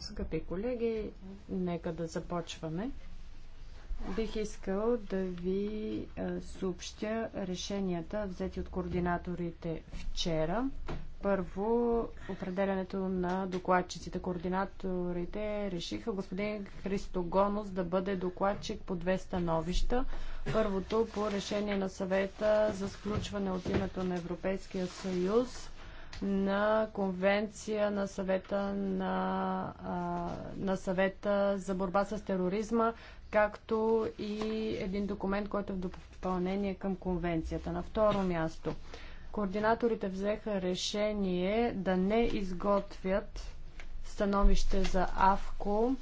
Скъпи колеги, нека да започваме. Бих искал да ви съобщя решенията, взети от координаторите вчера. Първо, определянето на докладчиците. Координаторите решиха господин Христогонос да бъде докладчик по две становища. Първото по решение на съвета за сключване от името на Европейския съюз на конвенция на съвета, на, на съвета за борба с тероризма както и един документ, който е в допълнение към конвенцията. На второ място, координаторите взеха решение да не изготвят становище за АВКО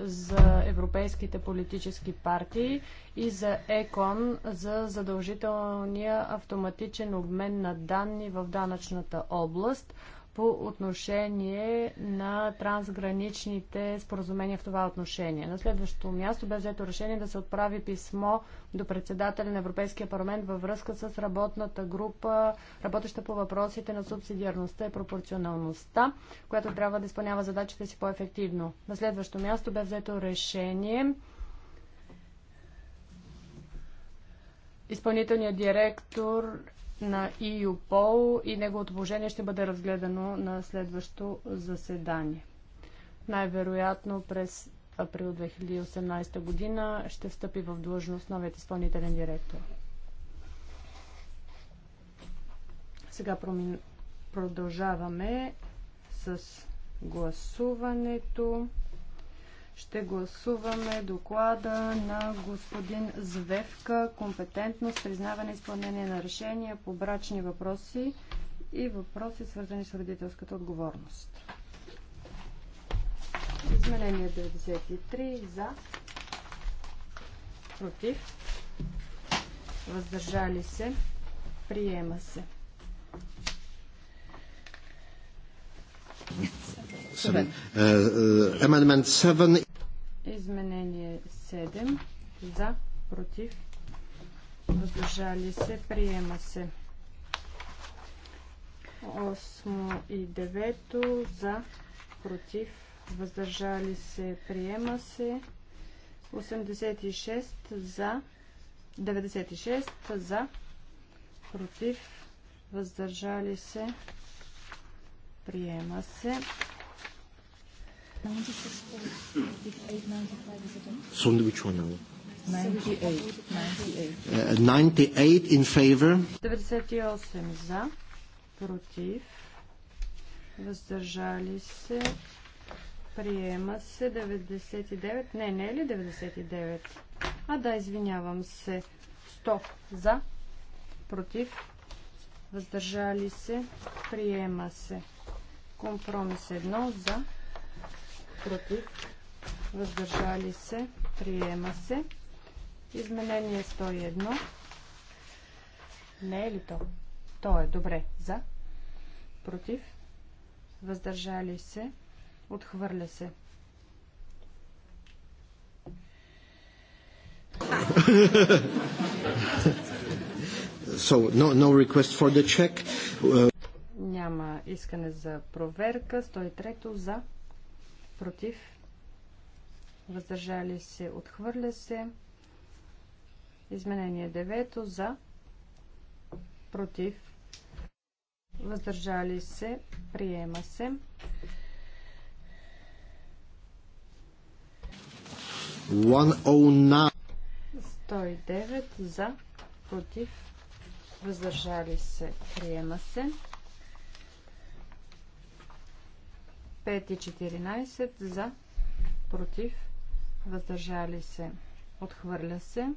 за европейските политически партии и за ЕКОН за задължителния автоматичен обмен на данни в данъчната област по отношение на трансграничните споразумения в това отношение. На следващото място бе взето решение да се отправи писмо до председателя на Европейския парламент във връзка с работната група, работеща по въпросите на субсидиарността и пропорционалността, която трябва да изпълнява задачите си по-ефективно. На следващото място бе взето решение изпълнителният директор на ИЮПОЛ e и неговото положение ще бъде разгледано на следващо заседание. Най-вероятно през април 2018 година ще встъпи в длъжност новият изпълнителен директор. Сега промин... продължаваме с гласуването ще гласуваме доклада на господин Звевка компетентност, признаване и изпълнение на решения по брачни въпроси и въпроси свързани с родителската отговорност. Изменение 93 за против въздържали се приема се. Е, е, amendment Изменение 7. За, против, въздържали се, приема се. 8 и 9 за, против, въздържали се, приема се. 86 за, 96 за, против, въздържали се, приема се. 98, So which one now? 98. 98. 98 in favor. 98 за, против, въздържали се, приема се 99. Не, не е ли 99? А да, извинявам се. 100 за, против, въздържали се, приема се. Компромис 1 за, против, въздържали се, приема се. Изменение 101. Не е ли то? То е добре. За, против, въздържали се, отхвърля се. so, no, no request for the check. Uh... Няма искане за проверка. 103 за против, въздържали се, отхвърля се. Изменение 9 за, против, въздържали се, приема се. One 109 за, против, въздържали се, приема се. 5 и 14 за, против, въздържали се, отхвърля се.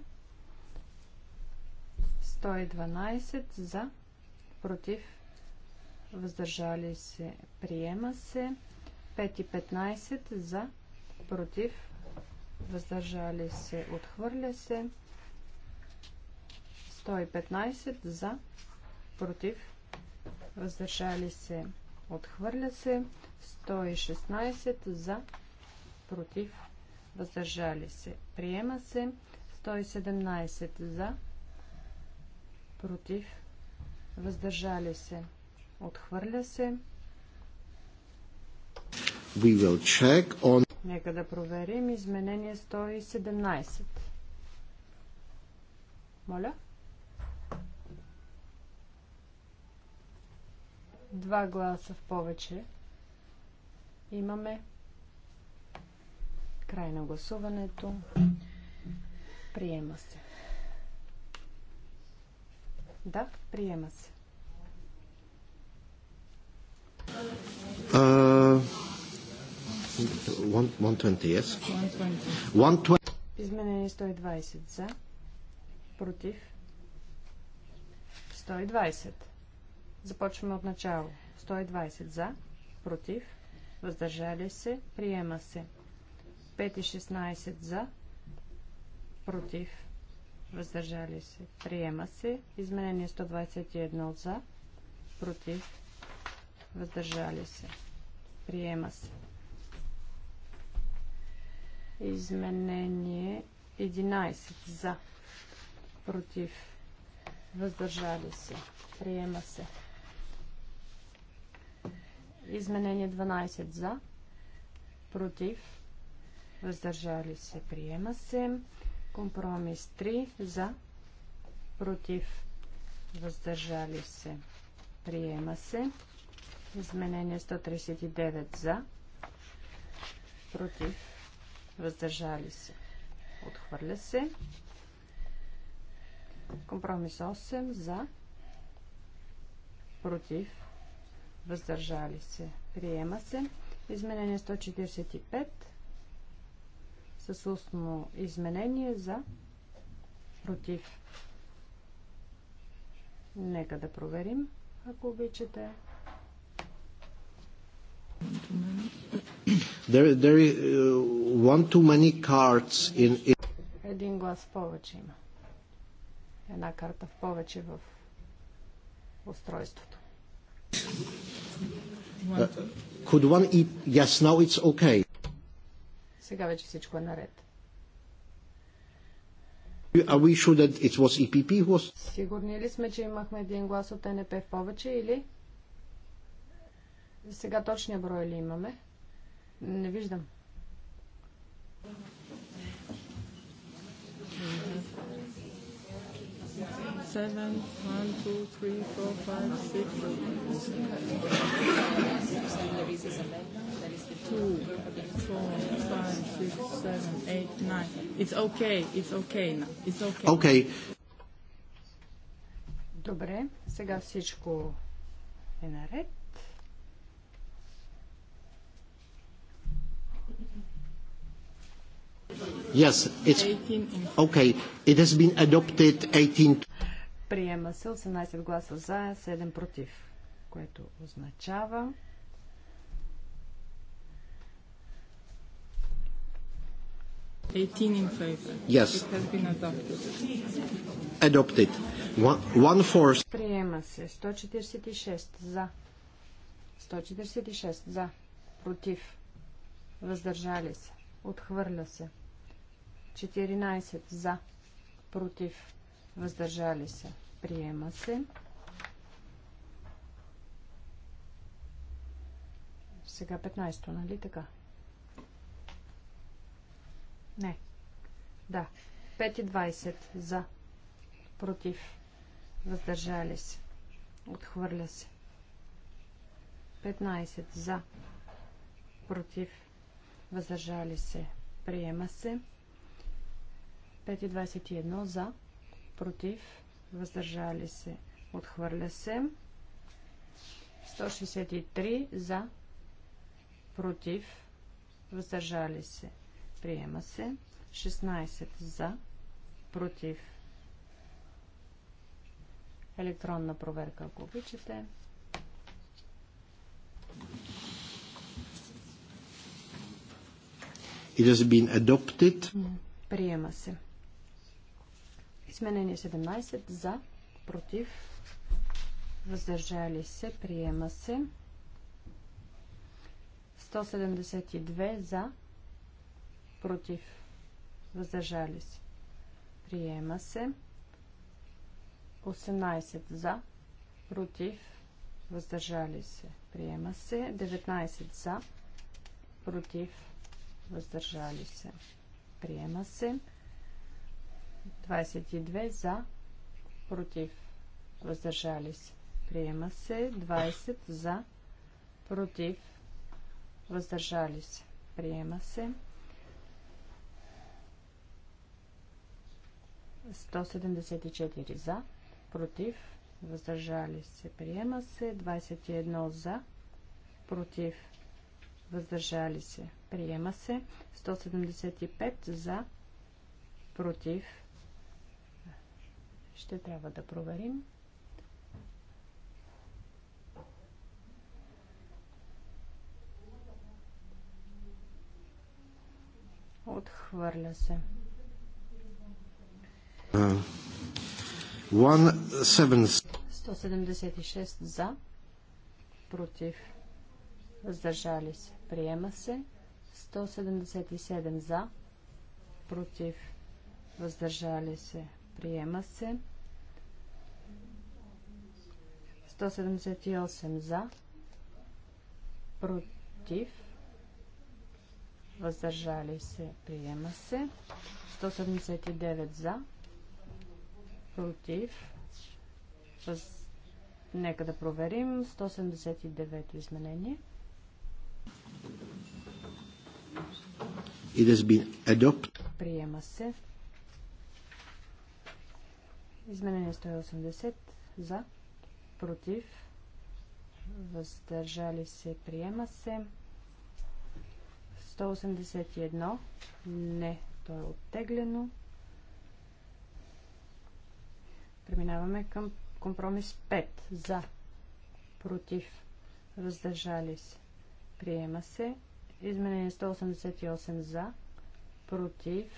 112 за, против, въздържали се, приема се. 5 и 15 за, против, въздържали се, отхвърля се. 115 за, против, въздържали се, отхвърля се. 116 за, против, въздържали се. Приема се 117 за, против, въздържали се. Отхвърля се. We will check on... Нека да проверим изменение 117. Моля. Два гласа в повече имаме. Край на гласуването. Приема се. Да, приема се. Uh, 120, yes? 120. Изменени 120 за. Против. 120. Започваме от начало. 120 за. Против въздържали се, приема се. 5 и 16 за, против, въздържали се, приема се. Изменение 121 за, против, въздържали се, приема се. Изменение 11 за, против, въздържали се, приема се. Изменение 12 за, против, въздържали се, приема се. Компромис 3 за, против, въздържали се, приема се. Изменение 139 за, против, въздържали се, отхвърля се. Компромис 8 за, против, въздържали се, приема се. Изменение 145 с устно изменение за против. Нека да проверим, ако обичате. There, there is uh, one too many cards in... Един глас повече има. Една карта в повече в устройството. Uh, could one eat? Yes, now it's okay. Сега вече всичко е наред. Are we sure that it was EPP who was... Сигурни ли сме, че имахме един глас от НП в повече или... Сега точния брой ли имаме? Не виждам. seven, one, two, three, four, five, six. Two, four, five, six, seven, eight, nine. It's okay, it's okay now. It's okay. Okay. Добре, сега всичко е наред. Yes, it's okay. It has been adopted 18 Приема се 18 гласа за, 7 против, което означава. Приема се 146 за. 146 за. Против. Въздържали се. Отхвърля се. 14 за. Против. Въздържали се. Приема се. Сега 15-то, нали така? Не. Да. 5 и 20 за. Против. Въздържали се. Отхвърля се. 15 за. Против. Въздържали се. Приема се. 5 и 21 за. Против въздържали се, отхвърля се. 163 за, против, въздържали се, приема се. 16 за, против. Електронна проверка, ако обичате. It has been adopted. Приема се. Изменение 17 за, против, въздържали се, приема се. 172 за, против, въздържали се, приема се. 18 за, против, въздържали се, приема се. 19 за, против, въздържали се, приема се. 22 за, против, въздържали се. Приема се 20 за, против, въздържали се. Приема се 174 за, против, въздържали се. Приема се 21 за, против, въздържали се. Приема се 175 за, против, ще трябва да проверим. Отхвърля се. 176 за, против, въздържали се, приема се. 177 за, против, въздържали се, Приема се. 178 за. Против. Въздържали се. Приема се. 179 за. Против. Въз... Нека да проверим 179 изменение. It has been adopted. Приема се. Изменение 180 за, против, въздържали се, приема се. 181 не, то е оттеглено. Преминаваме към компромис 5 за, против, въздържали се, приема се. Изменение 188 за, против,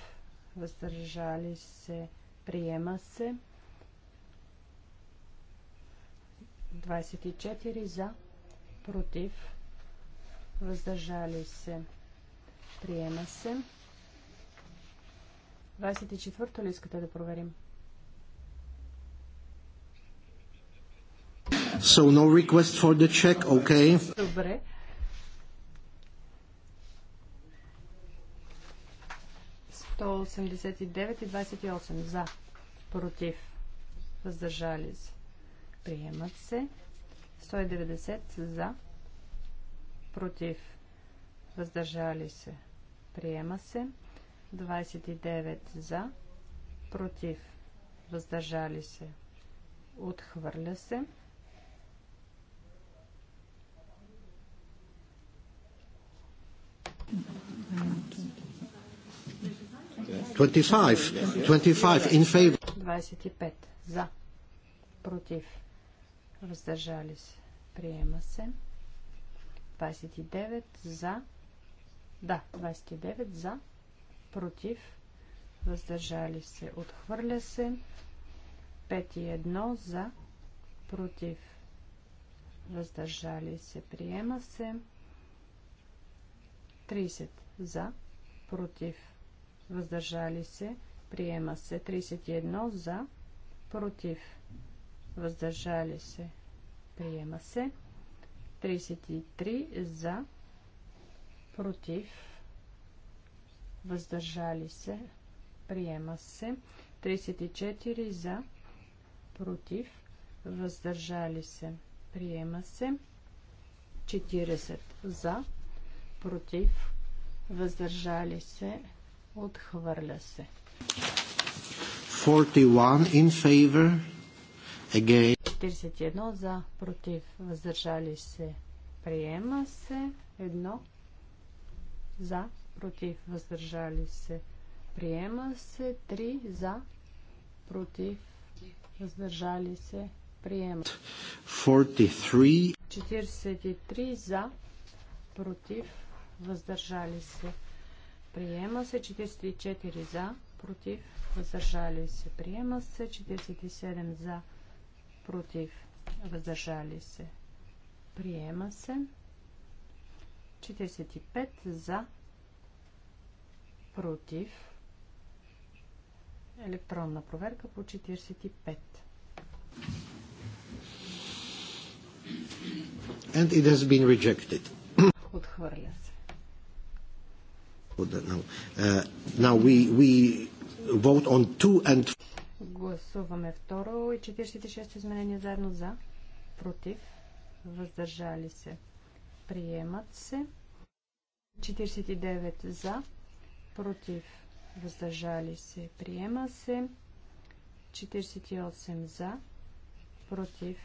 въздържали се, приема се. 24 за, против, въздържали се, приема се. 24-то ли искате да проверим? So no request for the check, okay. Добре. Сто и 28 за, против, въздържали се. Приемат се. 190 за. Против. Въздържали се. Приема се. 29 за. Против. Въздържали се. Отхвърля се. Twenty-five. Twenty-five in favor. Twenty-five. За. Против въздържали се, приема се. 29 за, да, 29 за, против, въздържали се, отхвърля се. 5 и 1 за, против, въздържали се, приема се. 30 за, против, въздържали се, приема се. 31 за, против, въздържали се, приема се. 33 за, против, въздържали се, приема се. 34 за, против, въздържали се, приема се. 40 за, против, въздържали се, отхвърля се. 41 in favor 41 за, против, въздържали се, приема се. 1 за, против, въздържали се, приема се. 3 за, против, въздържали се, приема се. 43. 43 за, против, въздържали се, приема се. 44 за, против, въздържали се, приема се. 47 за, против, против, въздържали се, приема се. 45 за, против, електронна проверка по 45. And it has been rejected. Отхвърля се. Now, uh, now we, we vote on two and Гласуваме второ и 46 изменения заедно за, против, въздържали се, приемат се. 49 за, против, въздържали се, приема се. 48 за, против,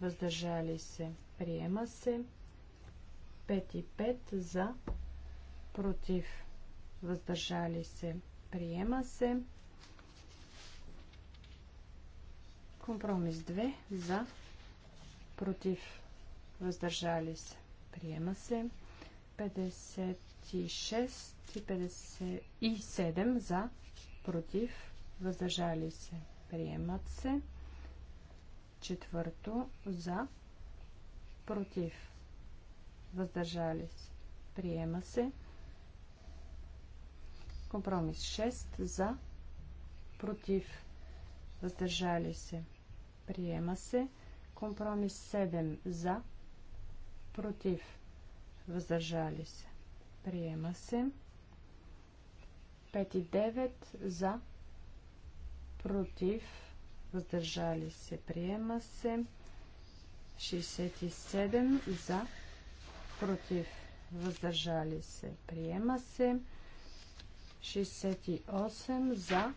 въздържали се, приема се. 5 и 5 за, против, въздържали се, приема се. Компромис 2 за, против, въздържали се, приема се. 56 и 57 за, против, въздържали се, приемат се. Четвърто за, против, въздържали се, приема се. Компромис 6 за, против, въздържали се, Приема се. Компромис 7 за. Против. Въздържали се. Приема се. 5 и 9 за. Против. Въздържали се. Приема се. 67 за. Против. Въздържали се. Приема се. 68 за.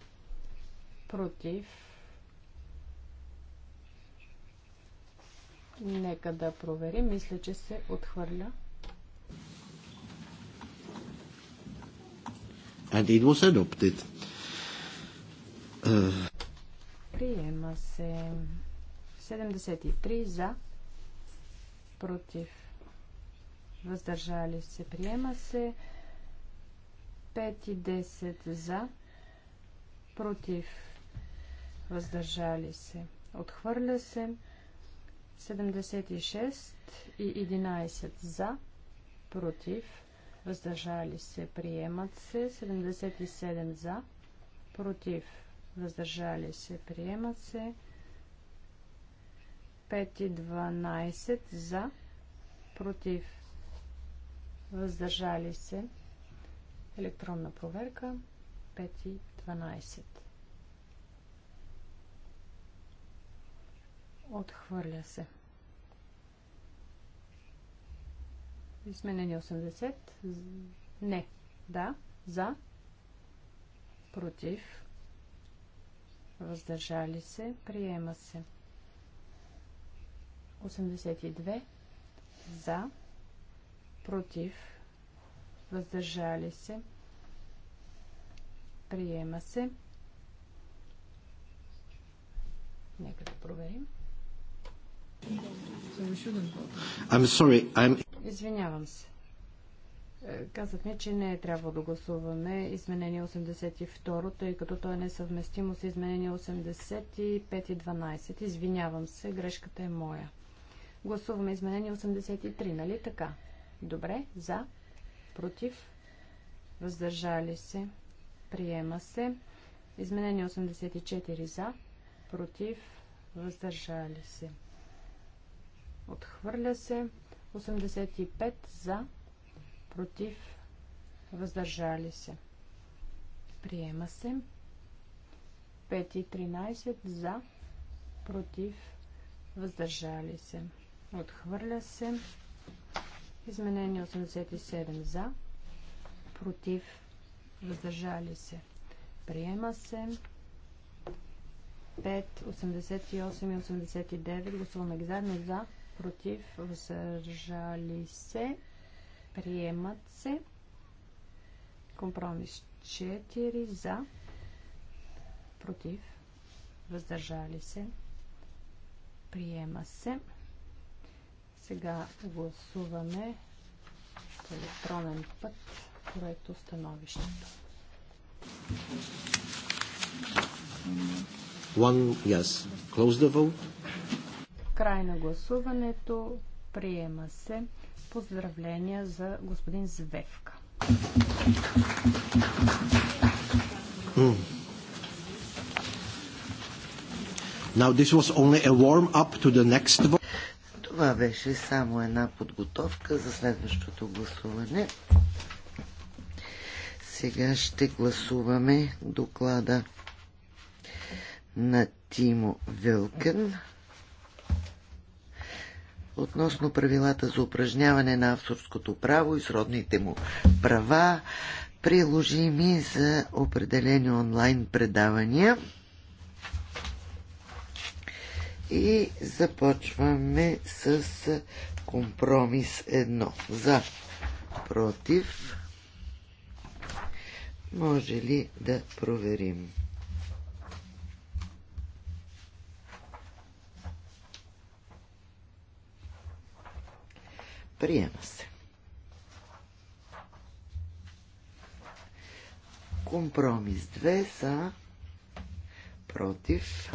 Против Нека да проверим. Мисля, че се отхвърля. And it was adopted. Uh... Приема се 73 за, против, въздържали се. Приема се 5 и 10 за, против, въздържали се. Отхвърля се. 76 и 11 за, против, въздържали се, приемат се. 77 за, против, въздържали се, приемат се. 5 и 12 за, против, въздържали се. Електронна проверка 5 и 12. Отхвърля се. Изменени 80. Не. Да. За. Против. Въздържали се. Приема се. 82. За. Против. Въздържали се. Приема се. Нека да проверим. I'm sorry, I'm... Извинявам се. Е, казах ми, че не е трябвало да гласуваме изменение 82, тъй като то е несъвместимо с изменение 85 и 12. Извинявам се, грешката е моя. Гласуваме изменение 83, нали така? Добре, за, против, въздържали се, приема се. Изменение 84 за, против, въздържали се. Отхвърля се. 85 за. Против. Въздържали се. Приема се. 5 и 13 за. Против. Въздържали се. Отхвърля се. Изменение 87 за. Против. Въздържали се. Приема се. 5, 88 и 89. Гласуваме заедно за против, въздържали се, приемат се. Компромис 4 за, против, въздържали се, приема се. Сега гласуваме по електронен път проекто становището. One, yes. Close the vote. Край на гласуването. Приема се. Поздравления за господин Звевка. Now this was only a warm up to the next vote. Това беше само една подготовка за следващото гласуване. Сега ще гласуваме доклада на Тимо Вилкен относно правилата за упражняване на авторското право и сродните му права, приложими за определени онлайн предавания. И започваме с компромис 1. За, против. Може ли да проверим? Приема се. Компромис 2 за против.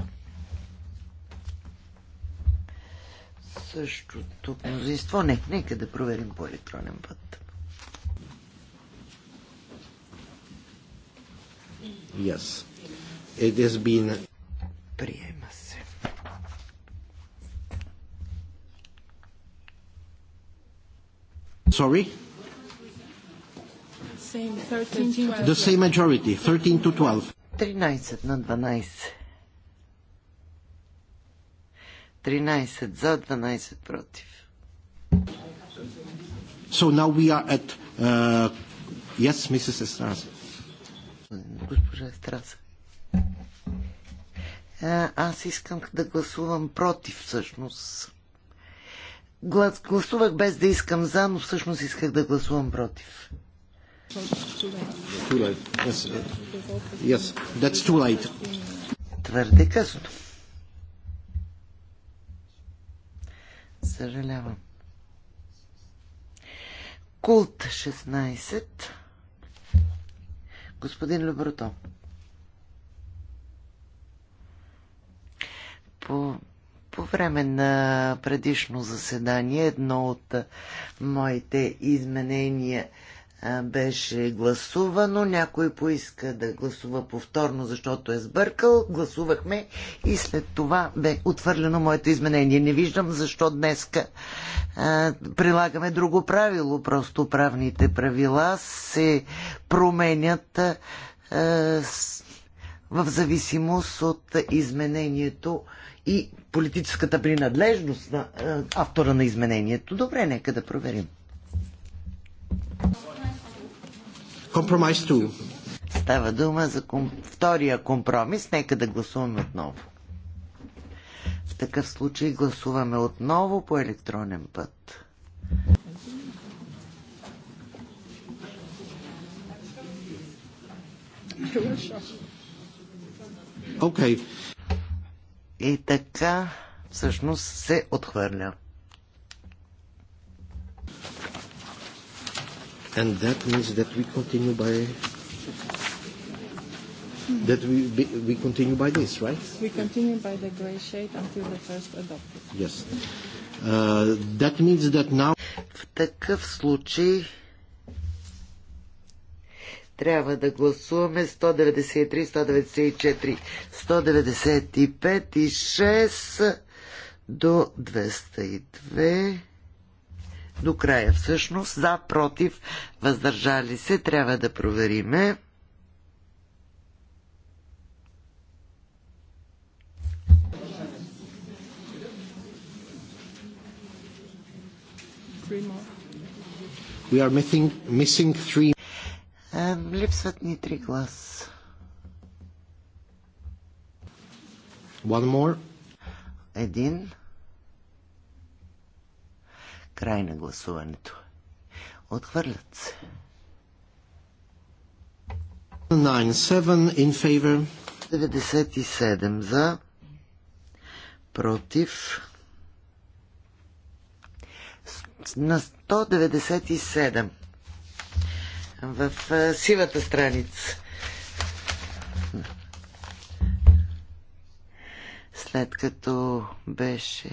Същото мнозинство. Нека, нека да проверим по електронен път. Yes. It has been... Приема се. Sorry? The same majority, 13 to 12. 13 на 12. 13 за, 12 против. So now we are at... Uh, yes, Mrs. Estrasa. Госпожа Естраса. Е, аз искам да гласувам против, всъщност гласувах без да искам за, но всъщност исках да гласувам против. Твърде късно. Съжалявам. Култ 16. Господин Люброто. По по време на предишно заседание едно от моите изменения беше гласувано. Някой поиска да гласува повторно, защото е сбъркал. Гласувахме и след това бе отвърлено моето изменение. Не виждам защо днеска а, прилагаме друго правило. Просто правните правила се променят а, с, в зависимост от изменението и политическата принадлежност на е, автора на изменението. Добре, нека да проверим. Компромис 2. Става дума за ком... втория компромис. Нека да гласуваме отново. В такъв случай гласуваме отново по електронен път. Okay. И така всъщност се отхвърля. And that means that we continue by that we be, we continue by this, right? We continue by the gray shade until the first adopted. Yes. Uh, that means that now. В такъв случай трябва да гласуваме 193, 194, 195 и 6 до 202 до края всъщност, за, против, въздържали се, трябва да провериме. We are missing, missing three. Е, липсват ни три глас. One more. Един. Край на гласуването. Отхвърлят се. in favor. 97 за. Против. На 197 в сивата страница. След като беше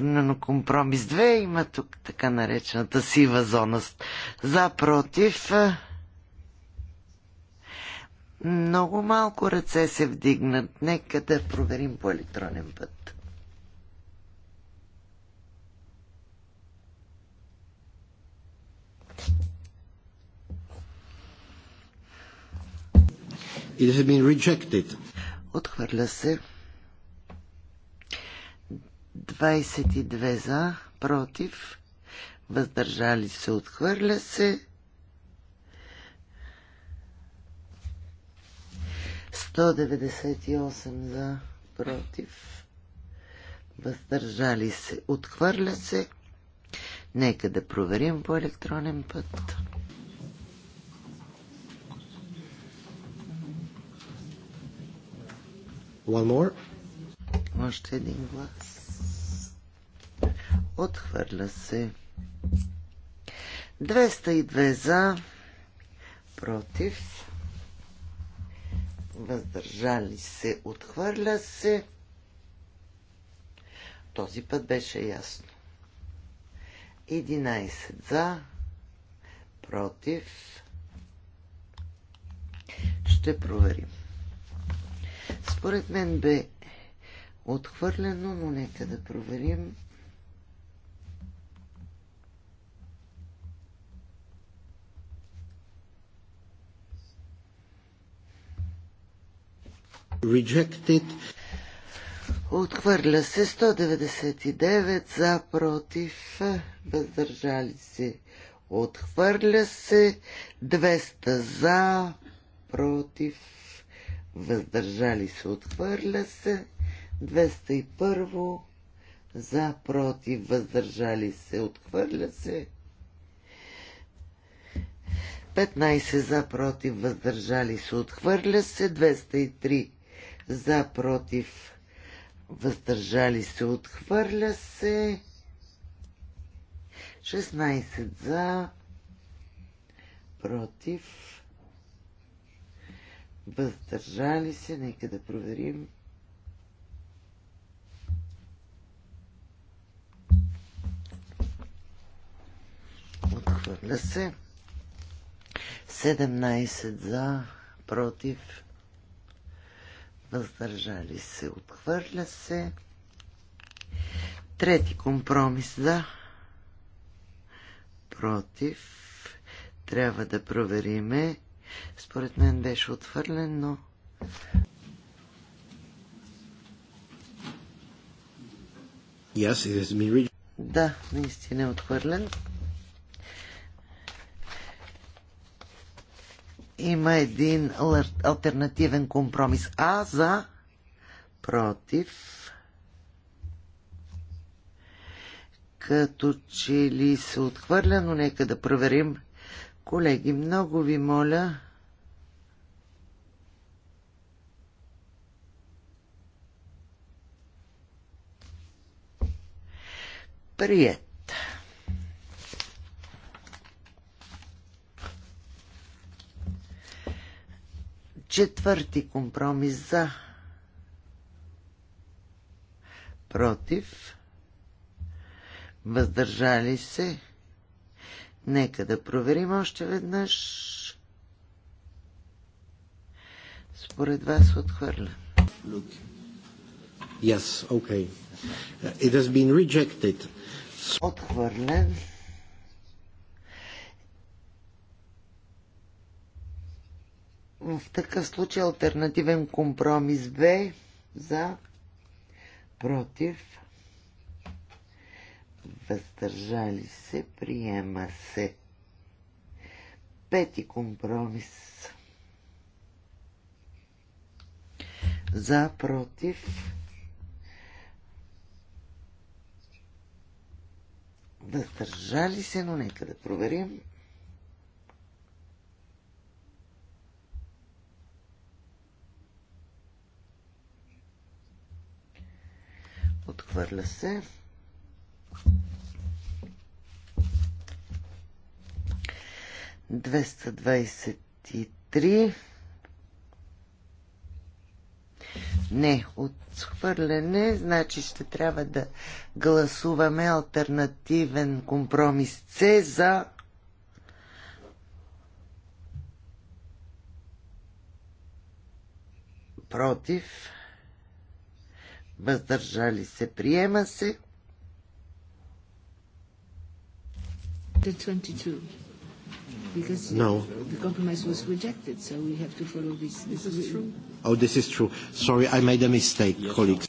на компромис 2, има тук така наречената сива зона. Запротив. много малко ръце се вдигнат. Нека да проверим по електронен път. It has been rejected. Отхвърля се. 22 за, против, въздържали се, отхвърля се. 198 за, против, въздържали се, отхвърля се. Нека да проверим по електронен път. One more. Още един глас. Отхвърля се. 202 за, против, въздържали се, отхвърля се. Този път беше ясно. 11 за, против. Ще проверим. Според мен бе отхвърлено, но нека да проверим. Rejected. Отхвърля се 199 за против, въздържали се. Отхвърля се 200 за против, въздържали се, отхвърля се. 201 за, против, въздържали се, отхвърля се. 15 за, против, въздържали се, отхвърля се. 203 за, против, въздържали се, отхвърля се. 16 за, против, въздържали се, нека да проверим. Отхвърля се. 17 за, против, въздържали се, отхвърля се. Трети компромис за, против, трябва да провериме според мен беше отхвърлен, но... Yes, it has been... Да, наистина е отхвърлен. Има един альтернативен компромис А за против. Като че ли се отхвърля, но нека да проверим Колеги, много ви моля. Прият. Четвърти компромис за. Против. Въздържали се. Нека да проверим още веднъж. Според вас отхвърля. Yes, okay. It has been rejected. Отхвърлен. В такъв случай альтернативен компромис Б за против въздържали се, приема се. Пети компромис. За, против. Въздържали се, но нека да проверим. Отхвърля се. 223. Не, отхвърляне, значи ще трябва да гласуваме альтернативен компромис С за против въздържали се, приема се. chapter 22? Because no. the compromise was rejected, so we have to follow this. This is true. Oh, this is true. Sorry, I made a mistake, yes. colleagues.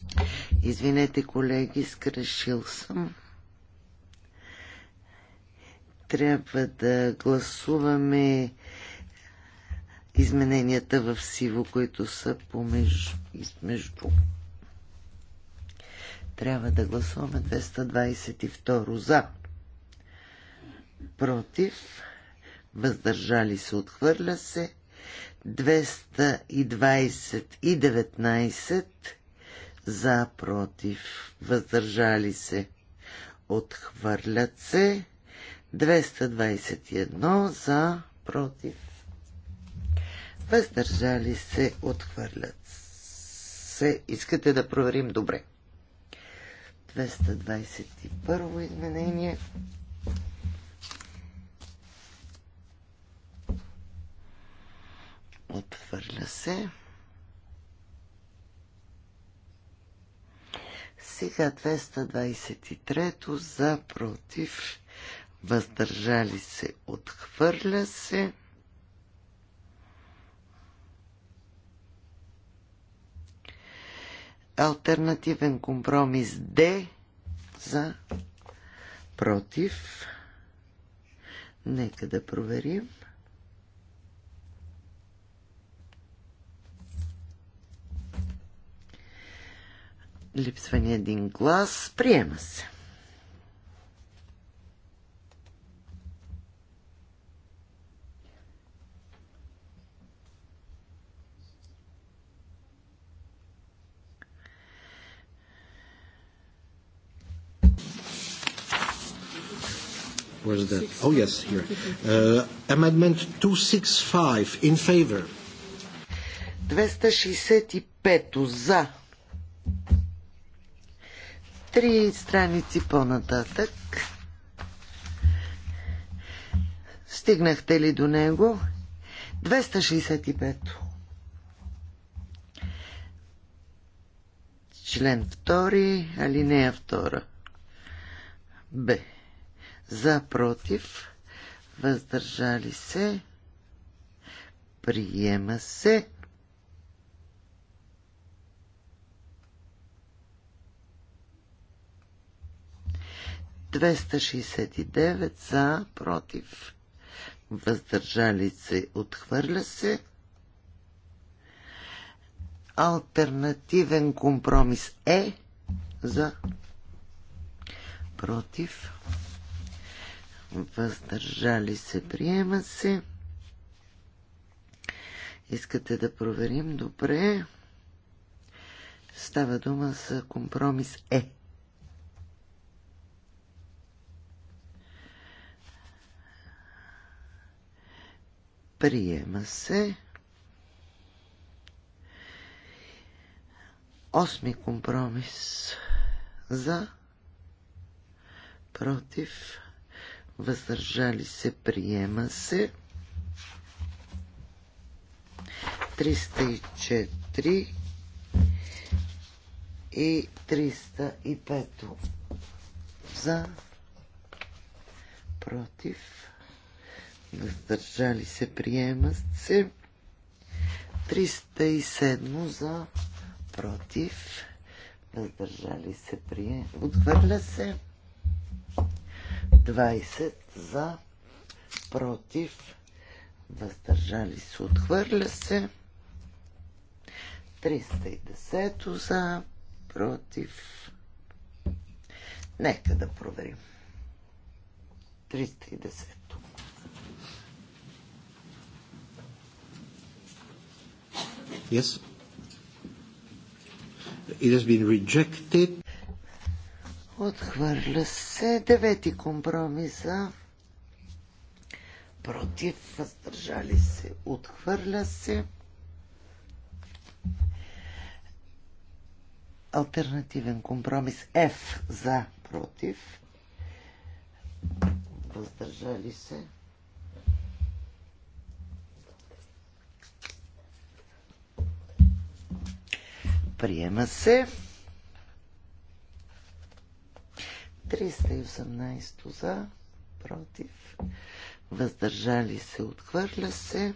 Извинете, колеги, скрешил съм. Трябва да гласуваме измененията в сиво, които са помежду. Измежду. Трябва да гласуваме 222 за против, въздържали се, отхвърля се. 220 и 19 за, против, въздържали се, отхвърлят се. 221 за, против, въздържали се, отхвърлят се. Искате да проверим добре. 221 изменение. Отхвърля се. Сега 223-то за против. Въздържали се. Отхвърля се. Алтернативен компромис Д за против. Нека да проверим. Липсва ни един глас. Приема се. Where's that? Oh, yes, here. Uh, amendment 265 in favor. 265 за. Три страници по-нататък. Стигнахте ли до него? 265. Член 2, алинея 2. Б. За, против, въздържали се, приема се. 269 за, против, въздържали се, отхвърля се. Алтернативен компромис е за, против, въздържали се, приема се. Искате да проверим? Добре. Става дума за компромис Е. Приема се. Осми компромис. За. Против. Въздържали се. Приема се. 304 и 305 за против въздържали се, приема се. 307 за против, въздържали се, приема. Отхвърля се. 20 за против, въздържали се, отхвърля се. 310 за против. Нека да проверим. 310. Yes? It has been rejected. Отхвърля се девети компромиса. Против, въздържали се. Отхвърля се. Альтернативен компромис F за против. Въздържали се. Приема се. 318 за, против, въздържали се, отхвърля се.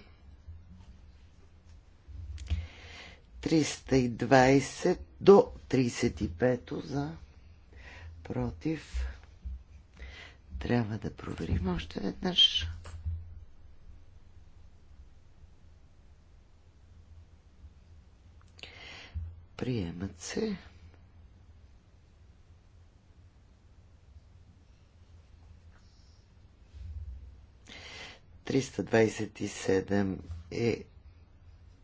320 до 35 за, против. Трябва да проверим още веднъж. Приемат се. Триста двадесет и седем е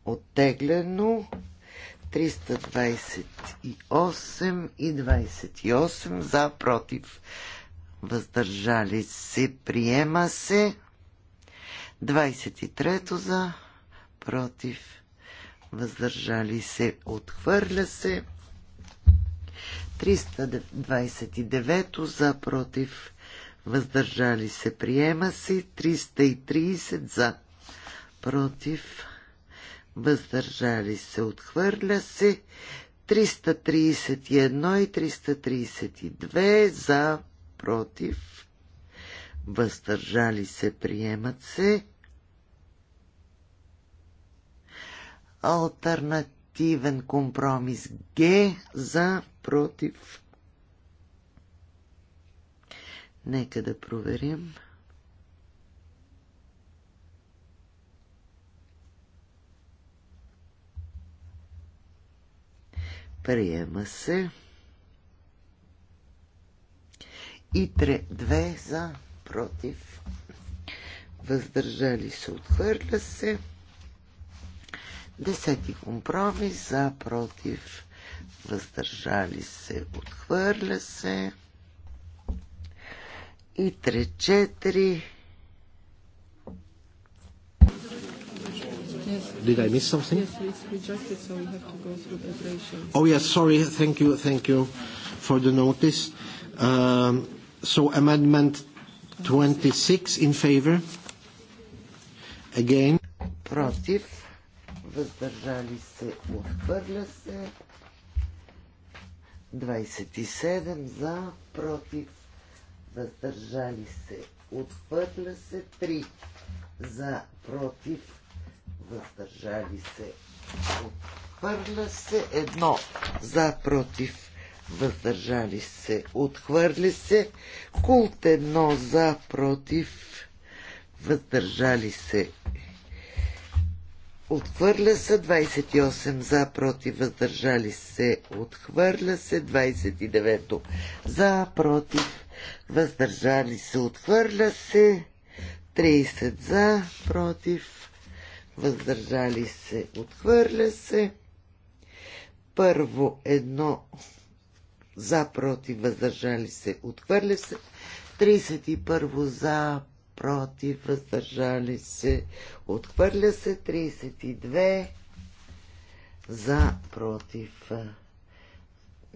оттеглено. 328 и 28 за, против, въздържали се, приема се. 23 за, против, въздържали се, отхвърля се. 329 за против, въздържали се, приема се. 330 за против, въздържали се, отхвърля се. 331 и 332 за против, въздържали се, приемат се. Алтернативен компромис Г за против. Нека да проверим. Приема се. И тре, 2 за против. Въздържали се, отхвърля се. Десети компромис за против въздържали се, отхвърля се. И 3-4. Did I miss something? Yes, it's rejected, so we have to go through preparation. Oh, yes, sorry. Thank you. Thank you for the notice. Um, so, amendment 26 in favor. Again. Против въздържали се, отхвърля се. 27 за, против, въздържали се, отхвърля се. 3 за, против, въздържали се, отхвърля се. 1 за, против, въздържали се, отхвърли се. Култ едно за, против, въздържали се, Отхвърля се 28 за, против, въздържали се. Отхвърля се 29 за, против, въздържали се. Отхвърля се 30 за, против, въздържали се. Отхвърля се. Първо едно за, против, въздържали се. Отхвърля се. 31 за, против, въздържали се, отхвърля се 32 за, против.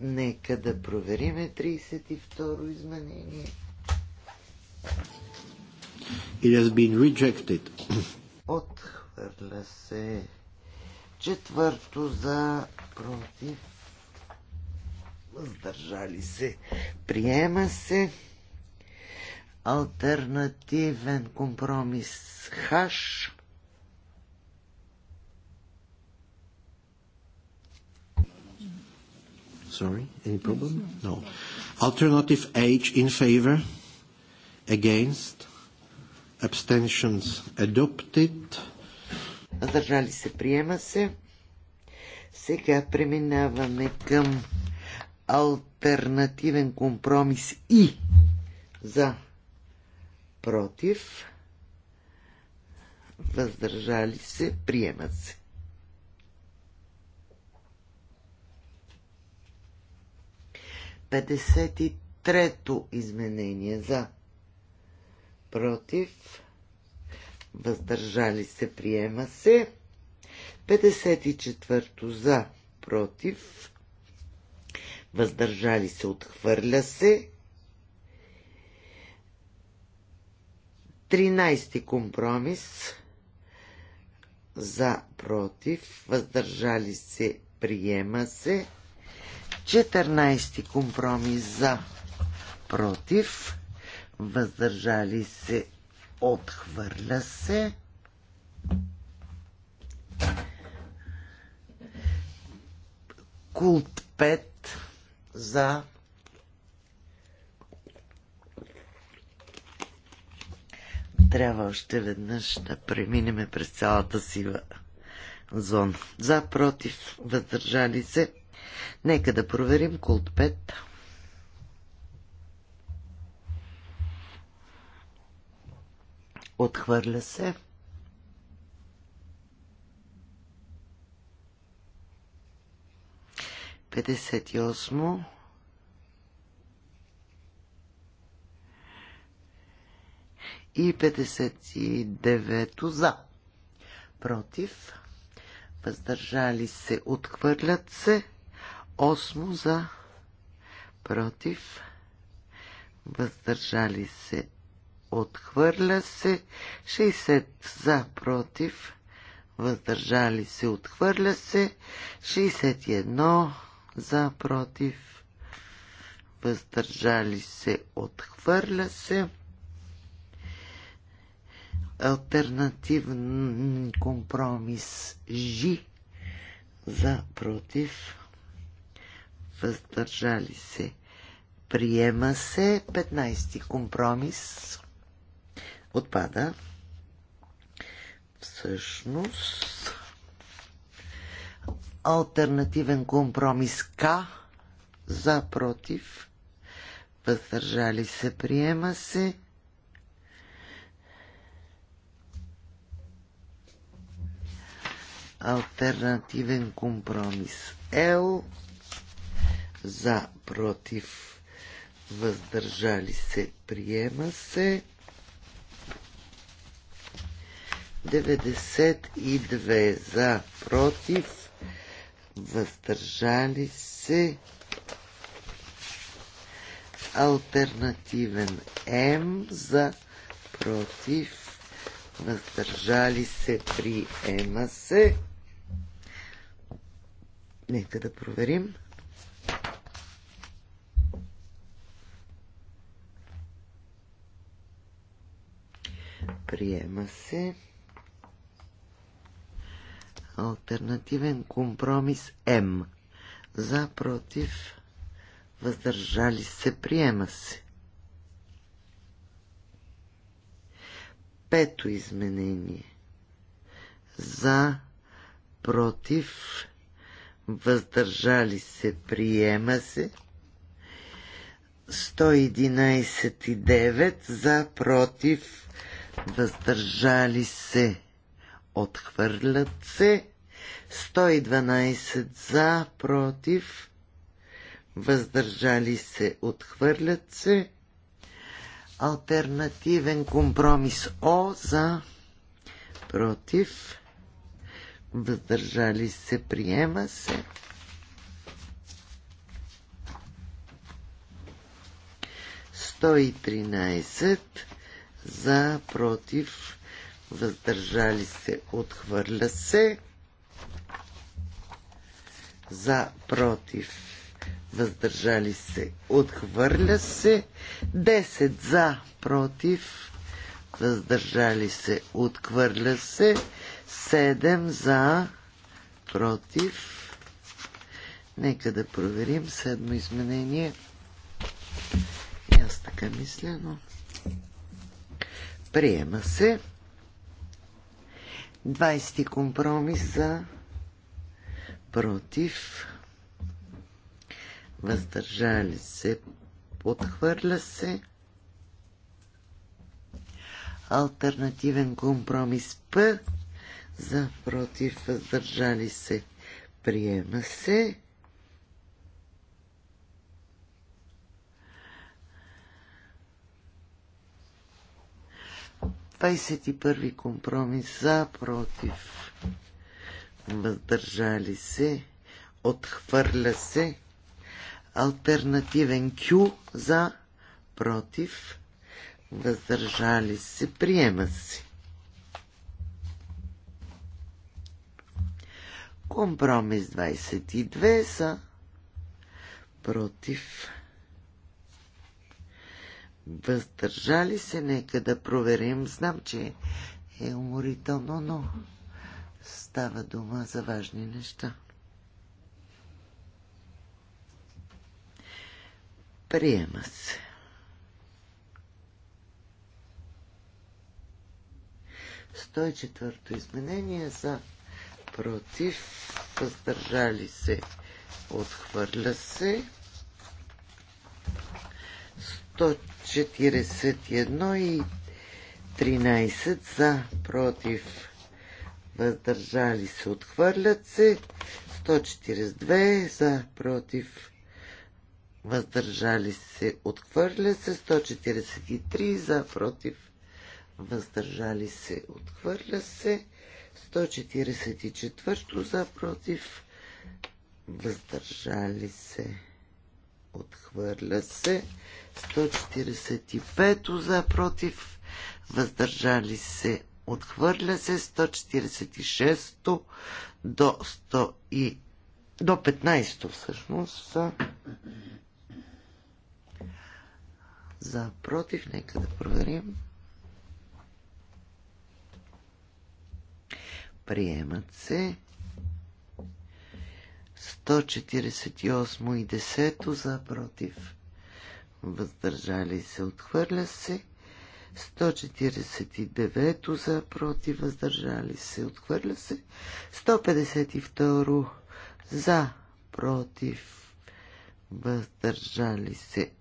Нека да провериме 32 изменение. It has been rejected. Отхвърля се. Четвърто за, против, въздържали се. Приема се альтернативен компромис хаш. Sorry, any problem? No. Alternative H in favor? Against? Abstentions adopted? Задържали се, приема се. Сега преминаваме към альтернативен компромис и за против, въздържали се, приемат се. Петдесет и трето изменение за против, въздържали се, приема се. 54 четвърто за, против, въздържали се, отхвърля се. 13 компромис за против, въздържали се, приема се. 14 компромис за против, въздържали се, отхвърля се. Култ 5 за трябва още веднъж да преминеме през цялата сива зона. За, против, въздържали се. Нека да проверим култ 5. Отхвърля се. Петдесет и осмо. и 59 за. Против. Въздържали се. Отхвърлят се. 8 за. Против. Въздържали се. Отхвърля се. 60 за. Против. Въздържали се. Отхвърля се. 61 за. Против. Въздържали се. Отхвърля се. Альтернативен компромис Жи за против. Въздържали се. Приема се 15-ти компромис. Отпада. Всъщност. Альтернативен компромис К за против. Въздържали се. Приема се. Альтернативен компромис Ел за против въздържали се приема се 92 за против въздържали се альтернативен М за против въздържали се приема се Нека да проверим. Приема се альтернативен компромис М. За, против, въздържали се, приема се. Пето изменение. За, против, въздържали се, приема се. 111,9 за, против, въздържали се, отхвърлят се. 112 за, против, въздържали се, отхвърлят се. Алтернативен компромис О за, против, въздържали се, приема се. Сто и тринайсет за, против, въздържали се, отхвърля се. За, против, въздържали се, отхвърля се. 10 за, против, въздържали се, отхвърля се. 7 за, против. Нека да проверим седмо изменение. И аз така мисля, но... Приема се. 20 компромис за против. Въздържали се. подхвърля се. Альтернативен компромис П за против въздържали се приема се Двадесет и първи компромис за против въздържали се отхвърля се альтернативен Q за против въздържали се приема се Компромис 22 са против. Въздържали се, нека да проверим. Знам, че е уморително, но става дума за важни неща. Приема се. Сто четвърто изменение за против, въздържали се, отхвърля се. 141 и 13 за, против, въздържали се, отхвърлят се. 142 за, против, въздържали се, отхвърля се. 143 за, против, въздържали се, отхвърля се. 144 за против. Въздържали се. Отхвърля се. 145 за против. Въздържали се. Отхвърля се. 146 до 100 и до 15 всъщност. За против. Нека да проверим. Приемат се. 148 и 10 за против. Въздържали се. Отхвърля се. 149 за против. Въздържали се. Отхвърля се. 152 за против. Въздържали се.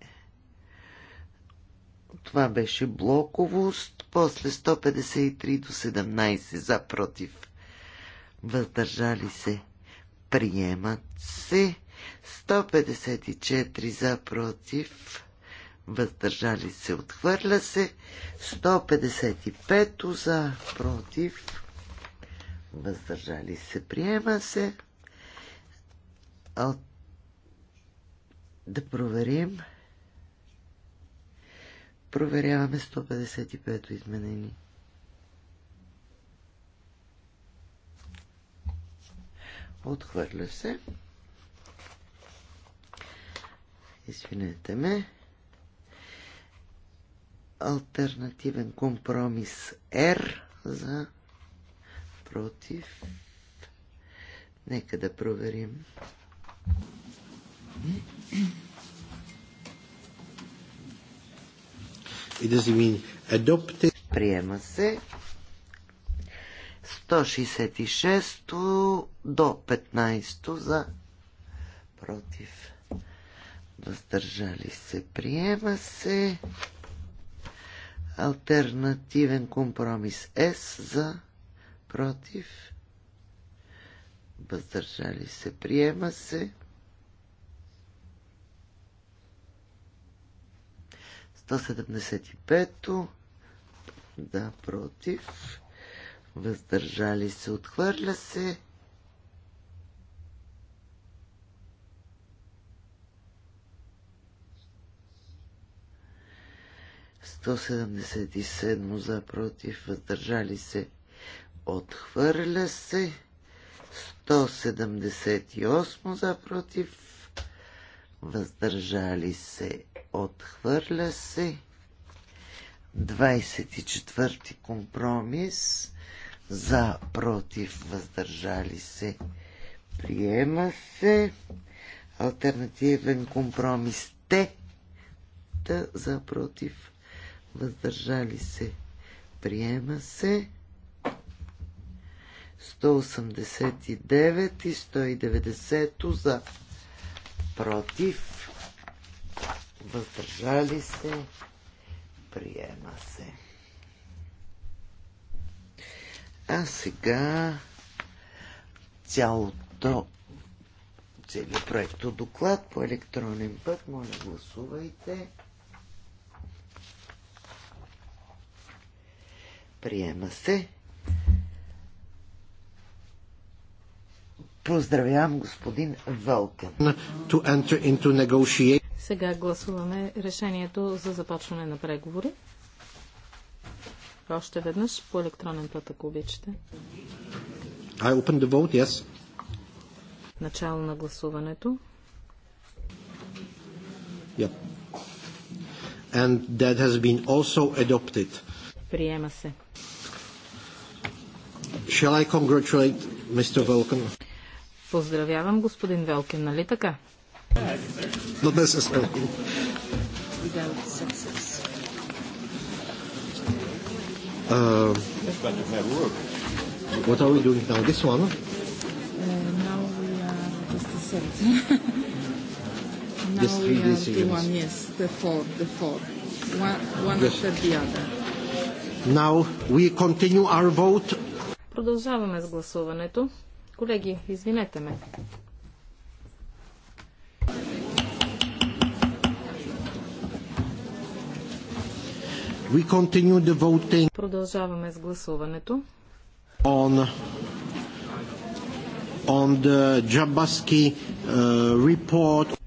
Това беше блоковост. После 153 до 17 за против въздържали се, приемат се. 154 за против, въздържали се, отхвърля се. 155 за против, въздържали се, приема се. От... Да проверим. Проверяваме 155 изменени. Отхвърля се. Извинете ме. Альтернативен компромис R за против. Нека да проверим. It doesn't mean adopted. Приема се. 166 до 15 за против. Въздържали се. Приема се. Альтернативен компромис С за против. Въздържали се. Приема се. 175 да против въздържали се, отхвърля се. Сто седемдесет и седмо за против, въздържали се, отхвърля се. 178 за против, въздържали се, отхвърля се. 24 компромис за, против, въздържали се, приема се. Альтернативен компромис те, да, за, против, въздържали се, приема се. 189 и 190 за против въздържали се приема се а сега цялото целият проекто доклад по електронен път. Моля, гласувайте. Приема се. Поздравявам господин Вълкан. Сега гласуваме решението за започване на преговори още веднъж по електронен път, ако обичате. I open the vote, yes. Начало на гласуването. Yep. And that has been also adopted. Приема се. Shall I congratulate Mr. Vulcan? Поздравявам господин Велкин, нали така? Not necessarily. Uh, what are we doing now? This one? Uh, now we are just the seventh. now yes, we are the one, yes, the four, the four, one, one yes. after the other. Now we continue our vote. Продължаваме с гласуването. Колеги, извинете ме. We continue the voting. Продължаваме с гласуването. On, on the uh, report.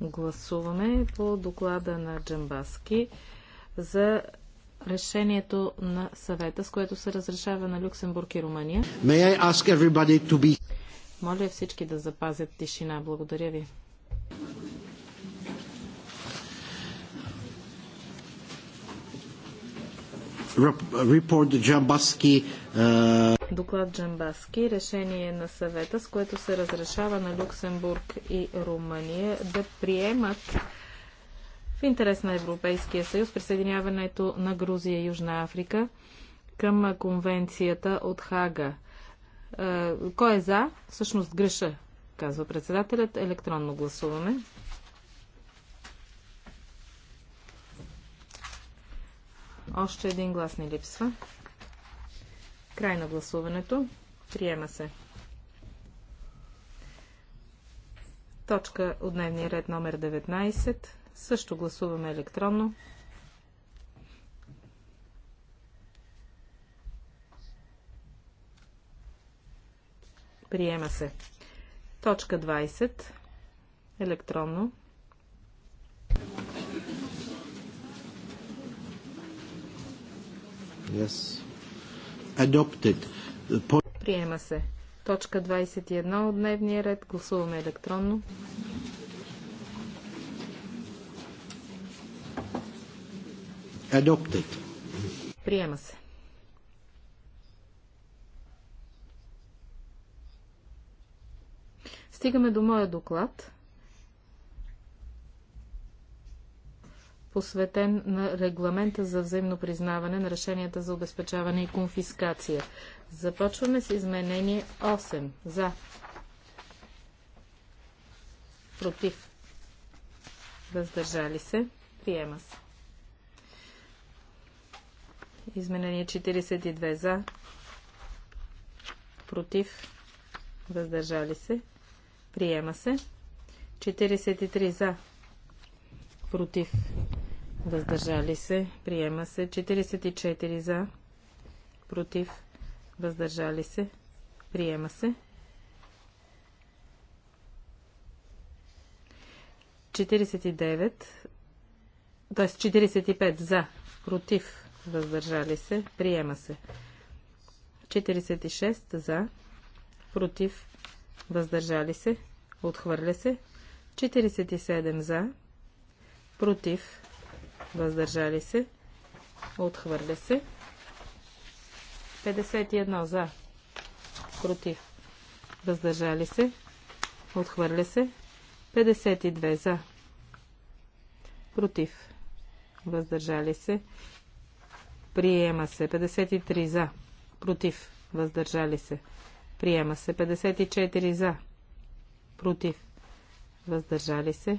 Гласуваме по доклада на Джамбаски за решението на съвета, с което се разрешава на Люксембург и Румъния. May I ask everybody to be... Моля всички да запазят тишина. Благодаря ви. Е, Доклад Джамбаски, решение на съвета, с което се разрешава на Люксембург и Румъния да приемат в интерес на Европейския съюз присъединяването на Грузия и Южна Африка към конвенцията от Хага. Е, кой е за? Всъщност греша, казва председателят. Електронно гласуваме. Още един глас ни липсва. Край на гласуването. Приема се. Точка от дневния ред номер 19. Също гласуваме електронно. Приема се. Точка 20. Електронно. Yes. Adopted. Приема се. Точка 21 от дневния ред. Гласуваме електронно. Adopted. Приема се. Стигаме до моя доклад. посветен на регламента за взаимно признаване на решенията за обезпечаване и конфискация. Започваме с изменение 8. За. Против. Въздържали се. Приема се. Изменение 42 за. Против. Въздържали се. Приема се. 43 за. Против въздържали се, приема се 44 за, против, въздържали се, приема се 49, т.е. 45 за, против, въздържали се, приема се 46 за, против, въздържали се, отхвърля се 47 за, против, въздържали се, отхвърля се. 51 за, против, въздържали се, отхвърля се. 52 за, против, въздържали се, приема се. 53 за, против, въздържали се, приема се. 54 за, против, въздържали се,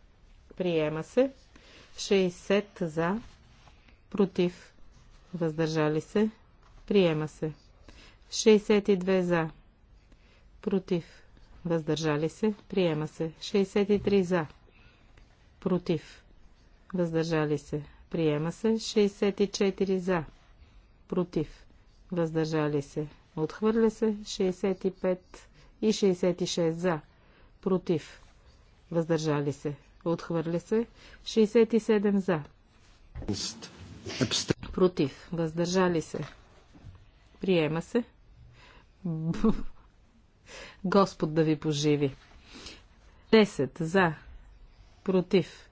Приема се. 60 за. Против. Въздържали се. Приема се. 62 за. Против. Въздържали се. Приема се. 63 за. Против. Въздържали се. Приема се. 64 за. Против. Въздържали се. Отхвърля се. 65 и 66 за. Против. Въздържали се. Отхвърля се. 67 за. Против. Въздържали се. Приема се. Господ да ви поживи. 10 за. Против.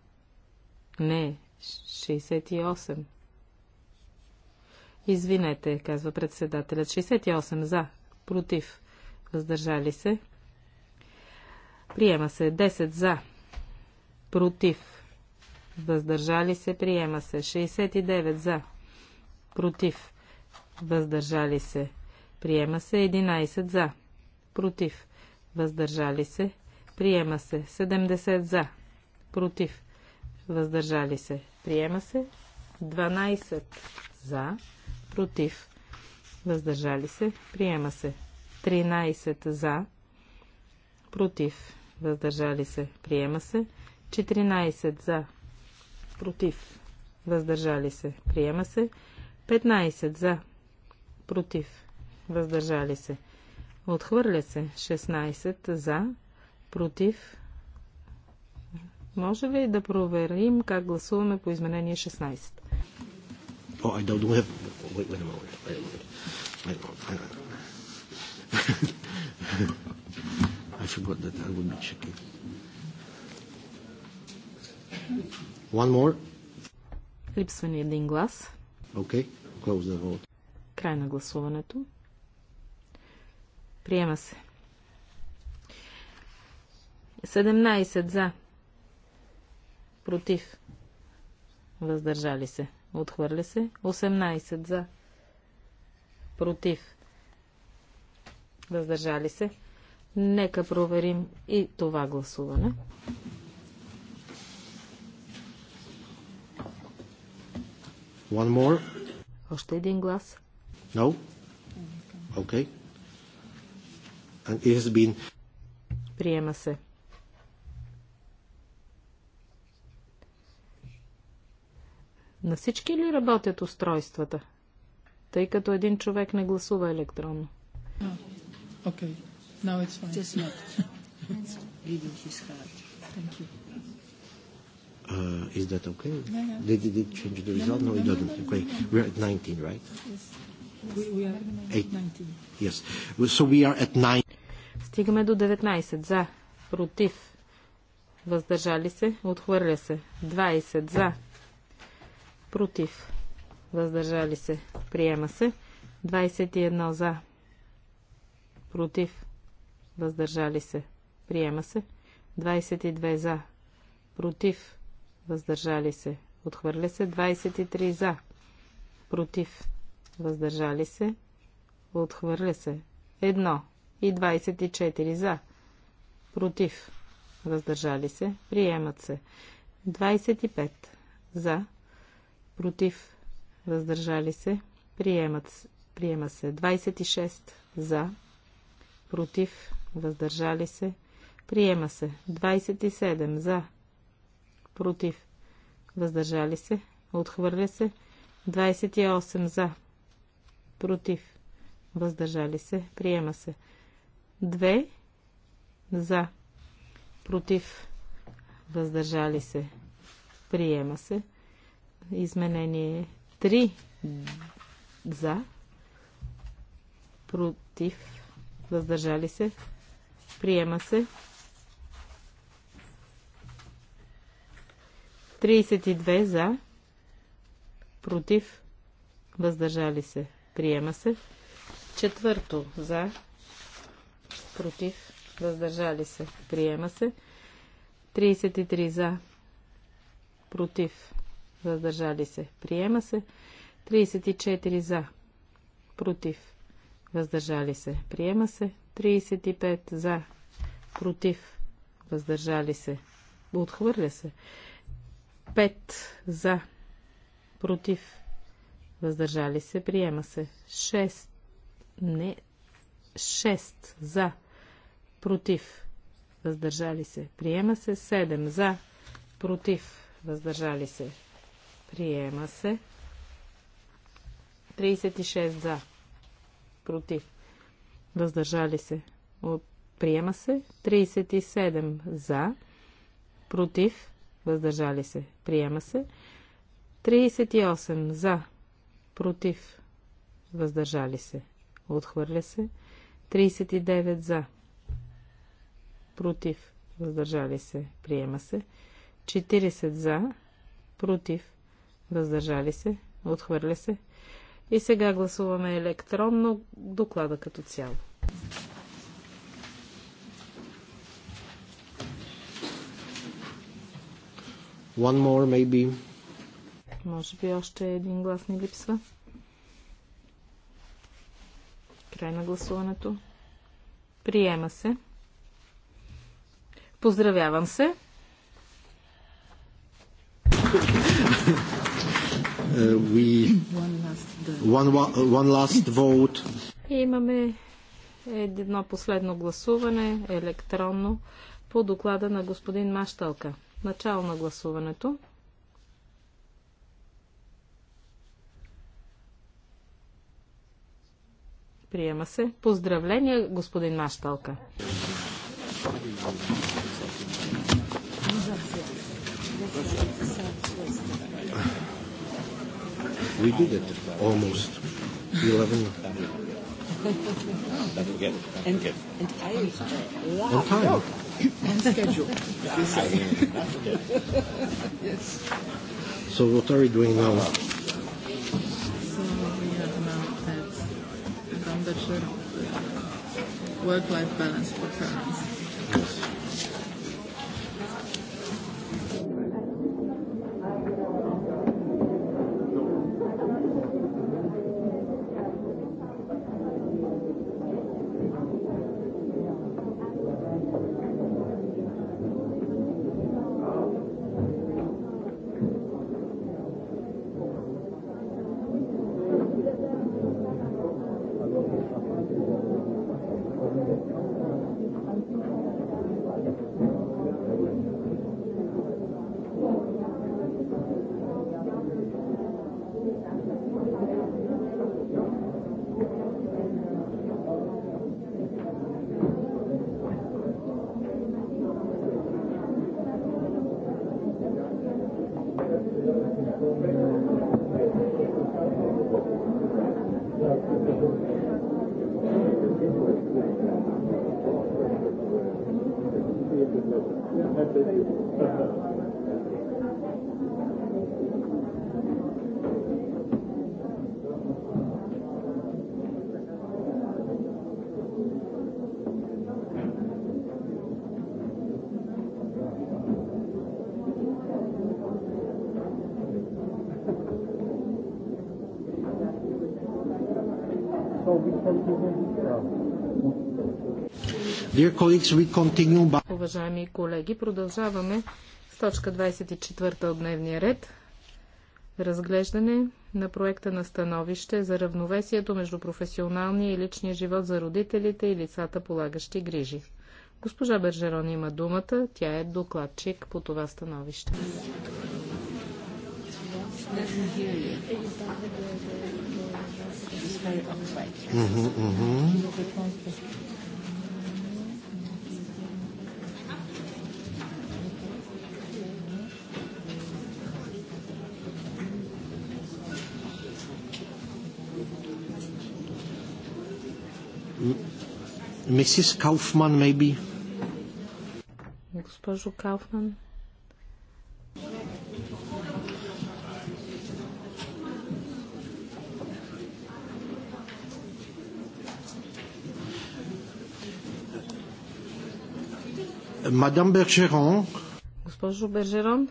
Не. 68. Извинете, казва председателят. 68 за. Против. Въздържали се. Приема се 10 за против, въздържали се, приема се. 69 за, против, въздържали се, приема се. 11 за, против, въздържали се, приема се. 70 за, против, въздържали се, приема се. 12 за, против, въздържали се, приема се. 13 за, против, въздържали се, приема се. 14 за, против, въздържали се, приема се. 15 за, против, въздържали се, отхвърля се. 16 за, против. Може ли да проверим как гласуваме по изменение 16? I forgot that I would be checking. One more. Липсва ни един глас. Okay. Close the vote. Край на гласуването. Приема се. 17 за. Против. Въздържали се. Отхвърля се. 18 за. Против. Въздържали се. Нека проверим и това гласуване. One more. Още един глас. No? Okay. And it has been... Приема се. На всички ли работят устройствата? Тъй като един човек не гласува електронно. Okay. Now it's fine. Just not. Reading his heart. Thank you. Uh, is that okay? No, no. They did it change the result? No, no, no it doesn't. No, no, okay. No, no. We're at 19, right? Yes. We, we are at 19. Yes. So we are at 9. Стигаме до 19. За. Против. Въздържали се. Отхвърля се. 20. За. Против. Въздържали се. Приема се. 21. За. Против. Въздържали се. Приема се. 22. За. Против въздържали се, отхвърля се. 23 за, против, въздържали се, отхвърля се. 1 и 24 за, против, въздържали се, приемат се. 25 за, против, въздържали се, приемат, приема се. 26 за, против, въздържали се, приема се. 27 за, против, въздържали се, отхвърля се. 28 за, против, въздържали се, приема се. 2 за, против, въздържали се, приема се. Изменение 3 за, против, въздържали се, приема се. 32 за, против, въздържали се, приема се. Четвърто за, против, въздържали се, приема се. 33 за, против, въздържали се, приема се. 34 за, против, въздържали се, приема се. 35 за, против, въздържали се, отхвърля се. 5 за, против, въздържали се, приема се. 6, не, 6 за, против, въздържали се, приема се. 7 за, против, въздържали се, приема се. 36 за, против, въздържали се, приема се. 37 за, против, въздържали се, приема се. 38 за, против, въздържали се, отхвърля се. 39 за, против, въздържали се, приема се. 40 за, против, въздържали се, отхвърля се. И сега гласуваме електронно доклада като цяло. One more, maybe. Може би още един глас ни липсва. Край на гласуването. Приема се. Поздравявам се. Uh, we... one last, one last vote. И имаме едно последно гласуване електронно по доклада на господин Машталка. Начало на гласуването. Приема се. Поздравления, господин Машталка. We did it almost. 11. and, and I On time on schedule. yes. So what are we doing now? So we have now that Bamberger work-life balance for parents. By... Уважаеми колеги, продължаваме с точка 24 от дневния ред. Разглеждане на проекта на становище за равновесието между професионалния и личния живот за родителите и лицата полагащи грижи. Госпожа Бержерон има думата. Тя е докладчик по това становище. Mm-hmm, mm-hmm. Mrs. Kaufman, maybe? Госпожо Кауфман. Мадам Бержерон. Госпожо Бержерон.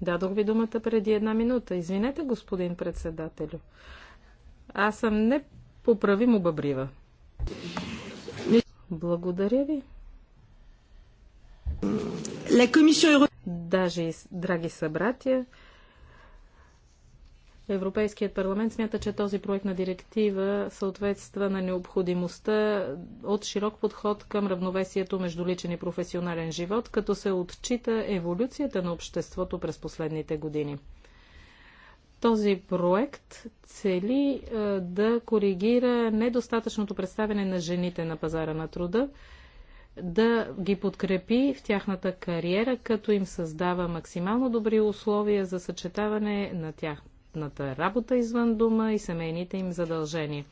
Дадох ви думата преди една минута. Извинете, господин председателю. Аз съм не поправи му бъбрива. Благодаря ви. Даже, драги събратия, Европейският парламент смята, че този проект на директива съответства на необходимостта от широк подход към равновесието между личен и професионален живот, като се отчита еволюцията на обществото през последните години. Този проект цели е, да коригира недостатъчното представяне на жените на пазара на труда, да ги подкрепи в тяхната кариера, като им създава максимално добри условия за съчетаване на тяхната работа извън дома и семейните им задължения.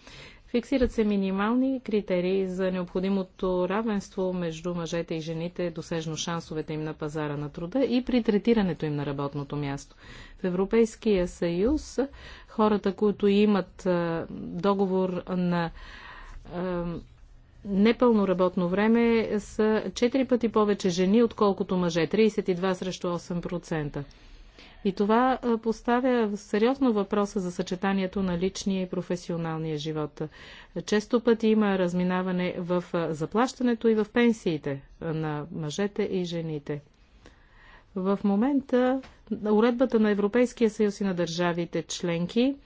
Фиксират се минимални критерии за необходимото равенство между мъжете и жените, досежно шансовете им на пазара на труда и при третирането им на работното място. В Европейския съюз хората, които имат договор на непълно работно време са 4 пъти повече жени, отколкото мъже. 32 срещу 8%. И това поставя сериозно въпроса за съчетанието на личния и професионалния живот. Често пъти има разминаване в заплащането и в пенсиите на мъжете и жените. В момента уредбата на Европейския съюз и на държавите членки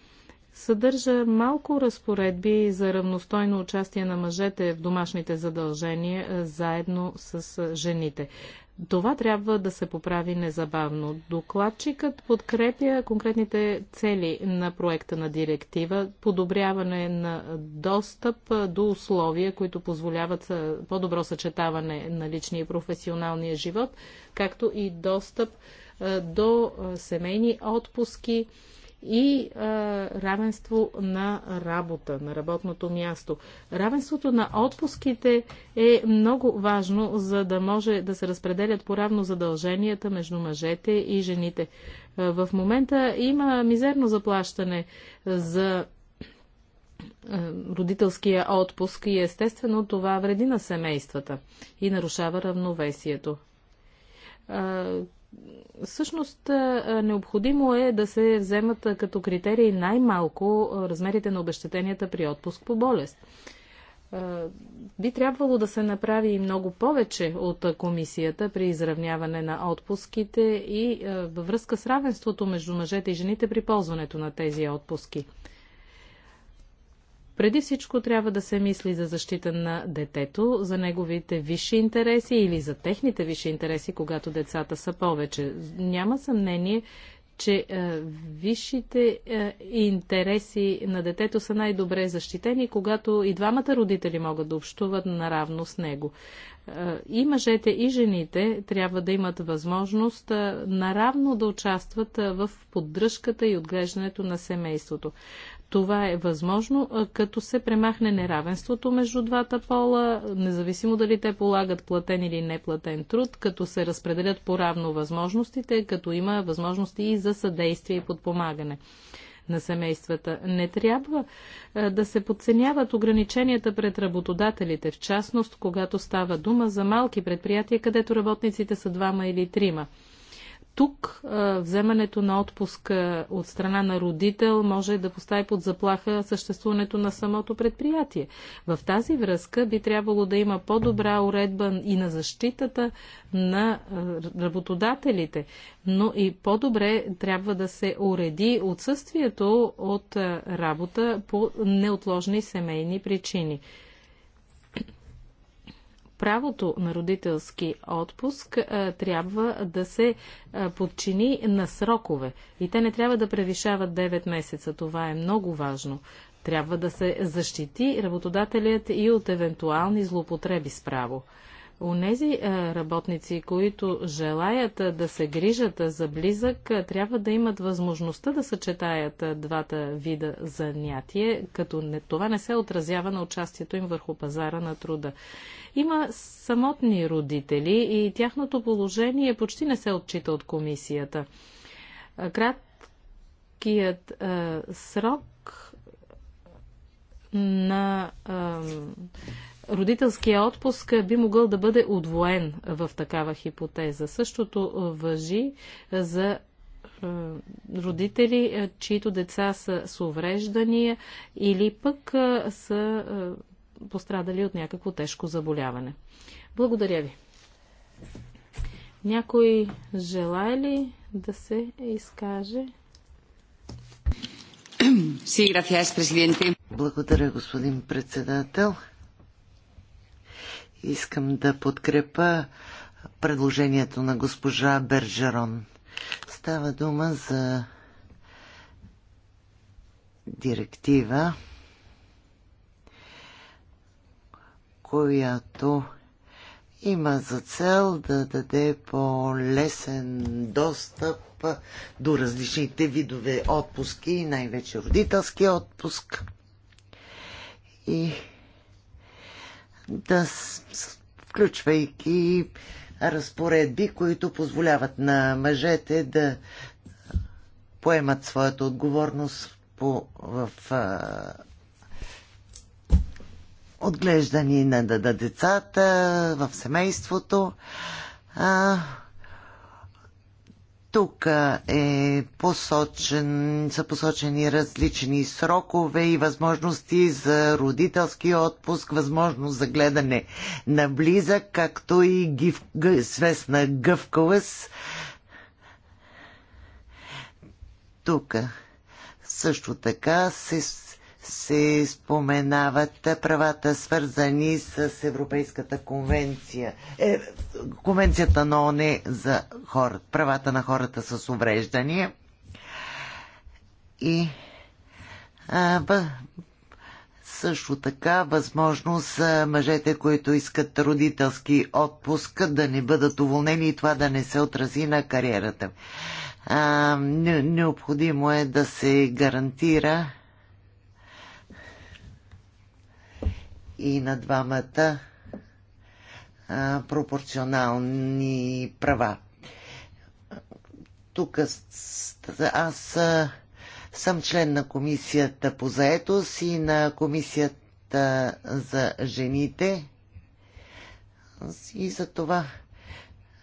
съдържа малко разпоредби за равностойно участие на мъжете в домашните задължения заедно с жените. Това трябва да се поправи незабавно. Докладчикът подкрепя конкретните цели на проекта на директива, подобряване на достъп до условия, които позволяват по-добро съчетаване на личния и професионалния живот, както и достъп до семейни отпуски, и а, равенство на работа, на работното място. Равенството на отпуските е много важно, за да може да се разпределят поравно задълженията между мъжете и жените. А, в момента има мизерно заплащане за родителския отпуск и естествено това вреди на семействата и нарушава равновесието. Всъщност, е, е, необходимо е да се вземат е, като критерии най-малко размерите на обещетенията при отпуск по болест. Би трябвало да се направи и много повече от комисията при изравняване на отпуските и във връзка с равенството между мъжете и жените при ползването на тези отпуски. Преди всичко трябва да се мисли за защита на детето, за неговите висши интереси или за техните висши интереси, когато децата са повече. Няма съмнение, че е, висшите е, интереси на детето са най-добре защитени, когато и двамата родители могат да общуват наравно с него. Е, и мъжете, и жените трябва да имат възможност е, наравно да участват е, в поддръжката и отглеждането на семейството. Това е възможно, като се премахне неравенството между двата пола, независимо дали те полагат платен или неплатен труд, като се разпределят по-равно възможностите, като има възможности и за съдействие и подпомагане на семействата. Не трябва да се подценяват ограниченията пред работодателите, в частност, когато става дума за малки предприятия, където работниците са двама или трима тук вземането на отпуска от страна на родител може да постави под заплаха съществуването на самото предприятие. В тази връзка би трябвало да има по-добра уредба и на защитата на работодателите, но и по-добре трябва да се уреди отсъствието от работа по неотложни семейни причини правото на родителски отпуск е, трябва да се е, подчини на срокове. И те не трябва да превишават 9 месеца. Това е много важно. Трябва да се защити работодателят и от евентуални злоупотреби с право. Унези е, работници, които желаят е, да се грижат е, за близък, трябва да имат възможността да съчетаят двата вида занятие, като не, това не се отразява на участието им върху пазара на труда. Има самотни родители и тяхното положение почти не се отчита от комисията. Краткият е, срок на Е, родителския отпуск би могъл да бъде удвоен в такава хипотеза. Същото въжи за е, родители, е, чието деца са с увреждания или пък е, са пострадали от някакво тежко заболяване. Благодаря ви. Някой желая ли да се изкаже? Благодаря, господин председател. Искам да подкрепа предложението на госпожа Бержерон. Става дума за директива, която има за цел да даде по-лесен достъп до различните видове отпуски, най-вече родителски отпуск. И да включвайки разпоредби, които позволяват на мъжете да поемат своята отговорност по, в а, отглеждане на, на, на децата, в семейството. А, тук е посочен, са посочени различни срокове и възможности за родителски отпуск, възможност за гледане на близък, както и гив, свестна гъвкавост. Тук също така се се споменават правата свързани с Европейската конвенция, е, конвенцията на ОНЕ за хора правата на хората с увреждания. И а, бъ, също така възможност мъжете, които искат родителски отпуск, да не бъдат уволнени и това да не се отрази на кариерата. А, не, необходимо е да се гарантира и на двамата а, пропорционални права. Тук аз а, съм член на комисията по заетост и на комисията за жените. И за това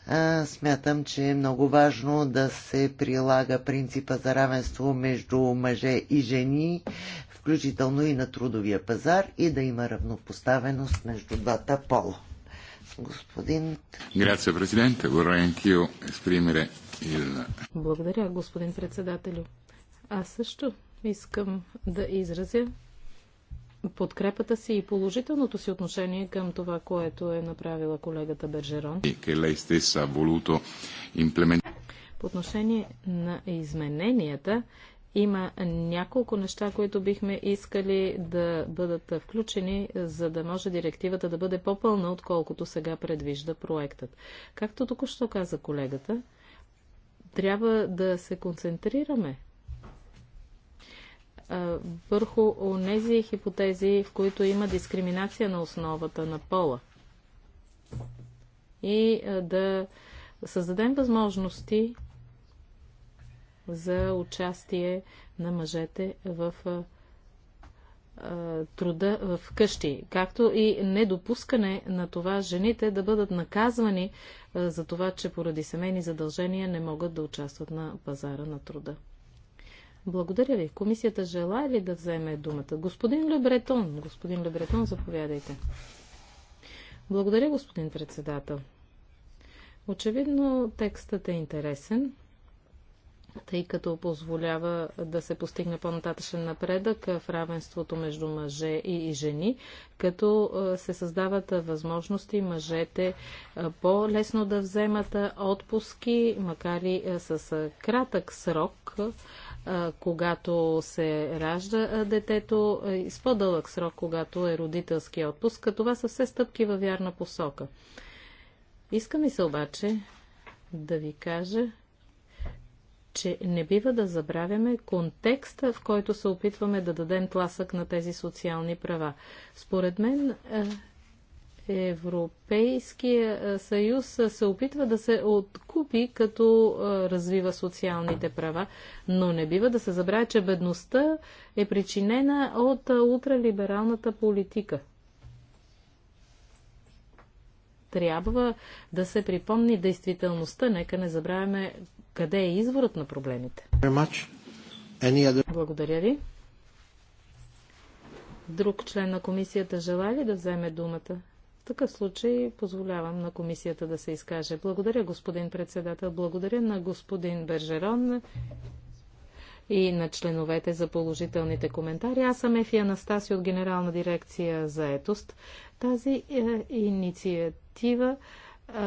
а, смятам, че е много важно да се прилага принципа за равенство между мъже и жени включително и на трудовия пазар и да има равнопоставеност между двата пола. Господин... Грация, президенте. Воранкио еспримере Благодаря, господин председателю. Аз също искам да изразя подкрепата си и положителното си отношение към това, което е направила колегата Бержерон. По отношение на измененията, има няколко неща, които бихме искали да бъдат включени, за да може директивата да бъде по-пълна, отколкото сега предвижда проектът. Както току-що каза колегата, трябва да се концентрираме върху онези хипотези, в които има дискриминация на основата на пола. И да създадем възможности за участие на мъжете в труда в къщи, както и недопускане на това жените да бъдат наказвани за това, че поради семейни задължения не могат да участват на пазара на труда. Благодаря ви. Комисията желая ли да вземе думата? Господин Лебретон, господин Лебретон, заповядайте. Благодаря, господин председател. Очевидно текстът е интересен тъй като позволява да се постигне по-нататъчен напредък в равенството между мъже и жени, като се създават възможности мъжете по-лесно да вземат отпуски, макар и с кратък срок, когато се ражда детето, и с по-дълъг срок, когато е родителски отпуск. Това са все стъпки във вярна посока. Искам и се обаче да ви кажа, че не бива да забравяме контекста, в който се опитваме да дадем тласък на тези социални права. Според мен е, Европейския е, съюз се опитва да се откупи, като е, развива социалните права, но не бива да се забравя, че бедността е причинена от ултралибералната политика – трябва да се припомни действителността. Нека не забравяме къде е изворът на проблемите. Благодаря ви. Друг член на комисията желая ли да вземе думата? В такъв случай позволявам на комисията да се изкаже. Благодаря, господин председател. Благодаря на господин Бержерон и на членовете за положителните коментари. Аз съм Ефи Анастаси от Генерална дирекция за етост. Тази е, инициатива е,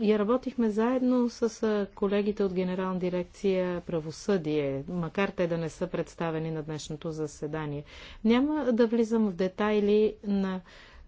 я работихме заедно с е, колегите от Генерална дирекция правосъдие, макар те да не са представени на днешното заседание. Няма да влизам в детайли на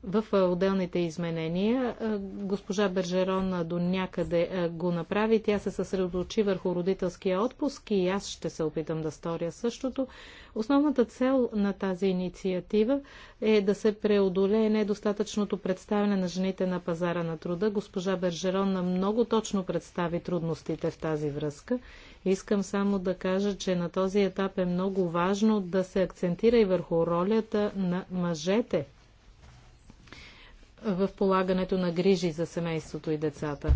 в отделните изменения. Госпожа Бержерон до някъде го направи. Тя се съсредоточи върху родителския отпуск и аз ще се опитам да сторя същото. Основната цел на тази инициатива е да се преодолее недостатъчното представяне на жените на пазара на труда. Госпожа Бержерон много точно представи трудностите в тази връзка. Искам само да кажа, че на този етап е много важно да се акцентира и върху ролята на мъжете в полагането на грижи за семейството и децата.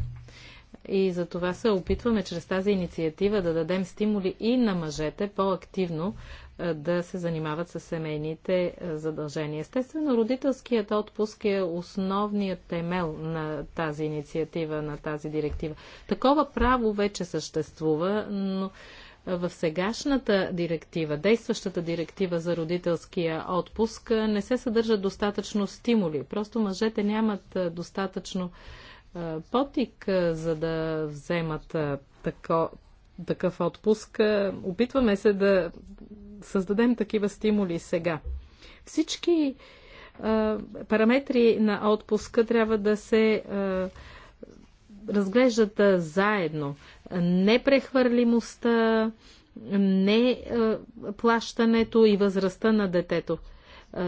И за това се опитваме чрез тази инициатива да дадем стимули и на мъжете по-активно е, да се занимават с семейните е, задължения. Естествено, родителският отпуск е основният темел на тази инициатива, на тази директива. Такова право вече съществува, но в сегашната директива, действащата директива за родителския отпуск, не се съдържат достатъчно стимули. Просто мъжете нямат достатъчно потик, за да вземат тако, такъв отпуск. Опитваме се да създадем такива стимули сега. Всички параметри на отпуска трябва да се разглеждат заедно. Непрехвърлимостта, не плащането и възрастта на детето.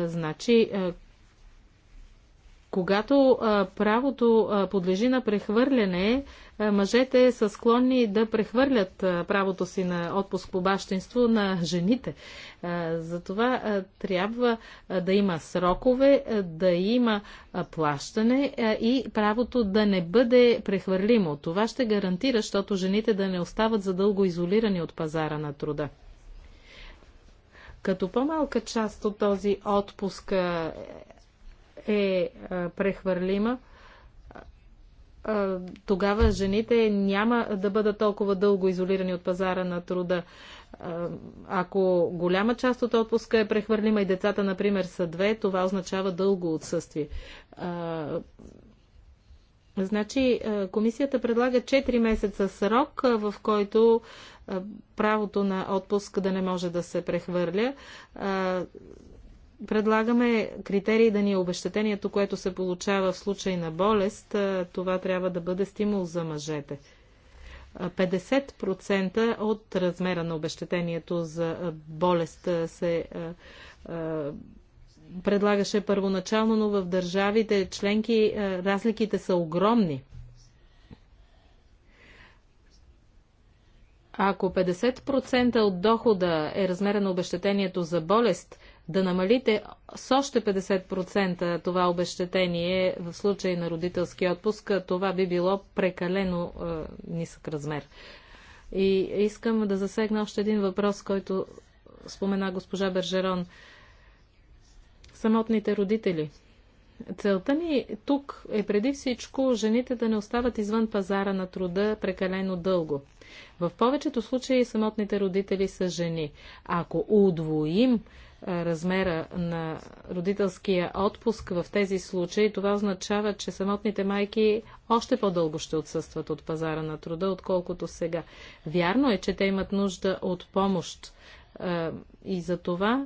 Значи, когато а, правото а, подлежи на прехвърляне, а, мъжете са склонни да прехвърлят а, правото си на отпуск по бащинство на жените. А, затова а, трябва а, да има срокове, а, да има а, плащане а, и правото да не бъде прехвърлимо. Това ще гарантира, защото жените да не остават задълго изолирани от пазара на труда като по-малка част от този отпуск е, е прехвърлима, тогава жените няма да бъдат толкова дълго изолирани от пазара на труда. Ако голяма част от отпуска е прехвърлима и децата, например, са две, това означава дълго отсъствие. Значи, комисията предлага 4 месеца срок, в който правото на отпуск да не може да се прехвърля предлагаме критерии да ни е обещетението, което се получава в случай на болест. Това трябва да бъде стимул за мъжете. 50% от размера на обещетението за болест се предлагаше първоначално, но в държавите членки разликите са огромни. Ако 50% от дохода е размера на обещетението за болест – да намалите с още 50% това обещетение в случай на родителски отпуск, това би било прекалено е, нисък размер. И искам да засегна още един въпрос, който спомена госпожа Бержерон. Самотните родители. Целта ни тук е преди всичко жените да не остават извън пазара на труда прекалено дълго. В повечето случаи самотните родители са жени. Ако удвоим размера на родителския отпуск в тези случаи, това означава, че самотните майки още по-дълго ще отсъстват от пазара на труда, отколкото сега. Вярно е, че те имат нужда от помощ. И за това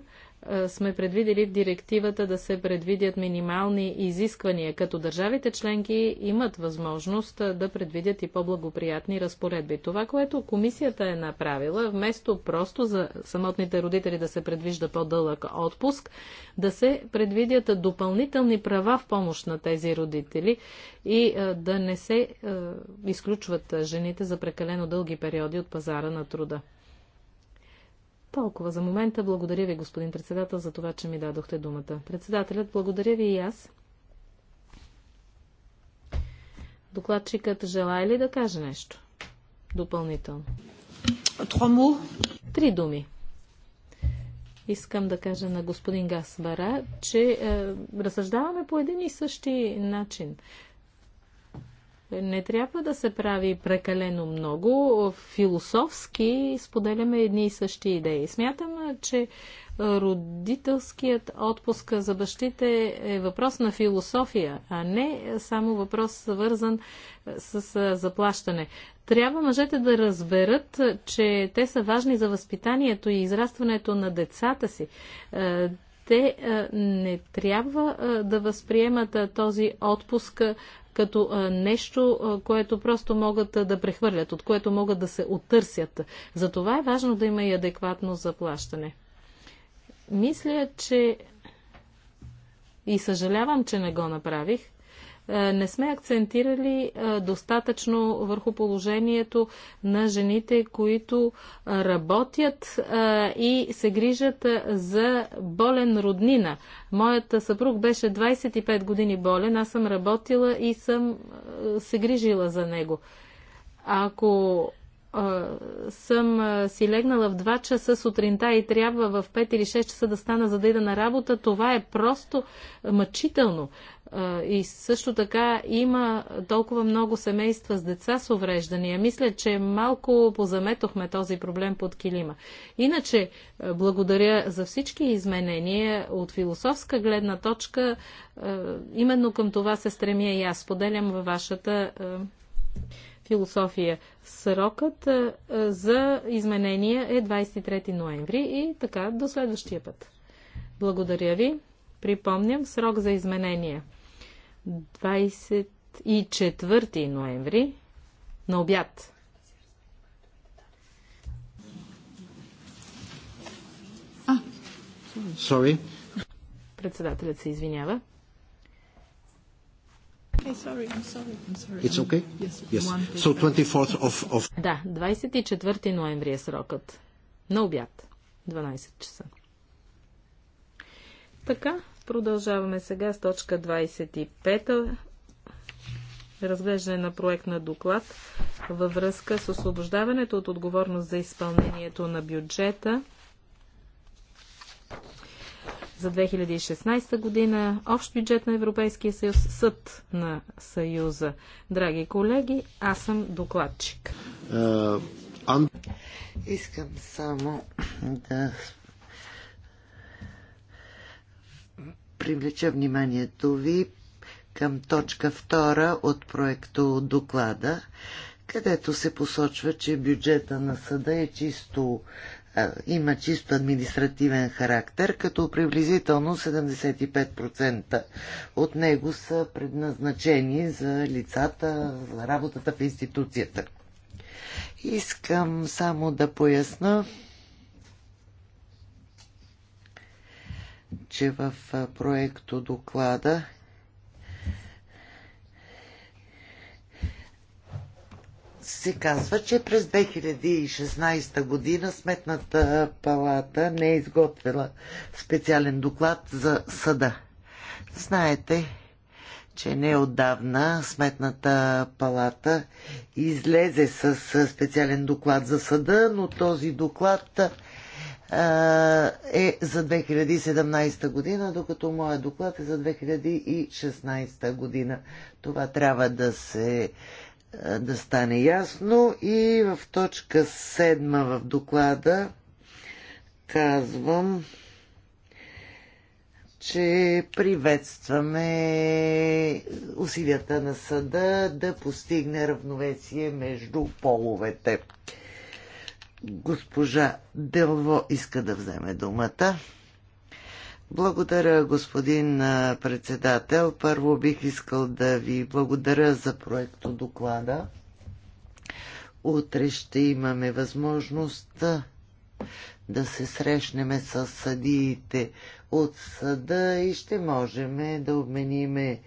сме предвидели в директивата да се предвидят минимални изисквания, като държавите членки имат възможност да предвидят и по-благоприятни разпоредби. Това, което комисията е направила, вместо просто за самотните родители да се предвижда по-дълъг отпуск, да се предвидят допълнителни права в помощ на тези родители и да не се изключват жените за прекалено дълги периоди от пазара на труда. Толкова за момента. Благодаря ви, господин председател, за това, че ми дадохте думата. Председателят, благодаря ви и аз. Докладчикът желая ли да каже нещо? Допълнително. Три думи. Искам да кажа на господин Гасбара, че е, разсъждаваме по един и същи начин не трябва да се прави прекалено много. Философски споделяме едни и същи идеи. Смятам, че родителският отпуск за бащите е въпрос на философия, а не само въпрос свързан с заплащане. Трябва мъжете да разберат, че те са важни за възпитанието и израстването на децата си е, те е, не трябва е, да възприемат този отпуск като нещо, което просто могат да прехвърлят, от което могат да се оттърсят. Затова е важно да има и адекватно заплащане. Мисля, че и съжалявам, че не го направих, е, не сме акцентирали е, достатъчно върху положението на жените, които е, работят и се грижат за болен роднина. Моят съпруг беше 25 години болен, аз съм работила и съм се грижила за него. Ако съм си легнала в 2 часа сутринта и трябва в 5 или 6 часа да стана, за да ида на работа, това е просто мъчително. И също така има толкова много семейства с деца с увреждания. Мисля, че малко позаметохме този проблем под килима. Иначе, благодаря за всички изменения от философска гледна точка. Именно към това се стремя и аз. Поделям във вашата философия. Срокът за изменения е 23 ноември и така до следващия път. Благодаря ви. Припомням срок за изменения. 24 ноември на обяд. А, sorry. Председателят се извинява. Да, 24 ноември е срокът. На обяд. 12 часа. Така, Продължаваме сега с точка 25. Разглеждане на проект на доклад във връзка с освобождаването от отговорност за изпълнението на бюджета за 2016 година, общ бюджет на Европейския съюз, съд на съюза. Драги колеги, аз съм докладчик. Е, Искам само да привлеча вниманието ви към точка 2 от проекто доклада, където се посочва, че бюджета на съда е чисто има чисто административен характер, като приблизително 75% от него са предназначени за лицата, за работата в институцията. Искам само да поясна, че в проекто доклада се казва, че през 2016 година Сметната палата не е изготвила специален доклад за съда. Знаете, че не отдавна Сметната палата излезе с специален доклад за съда, но този доклад е за 2017 година, докато моят доклад е за 2016 година. Това трябва да се да стане ясно и в точка 7 в доклада казвам, че приветстваме усилията на съда да постигне равновесие между половете. Госпожа Делво иска да вземе думата. Благодаря, господин председател. Първо бих искал да ви благодаря за проекто доклада. Утре ще имаме възможност да се срещнем с съдиите от съда и ще можем да обмениме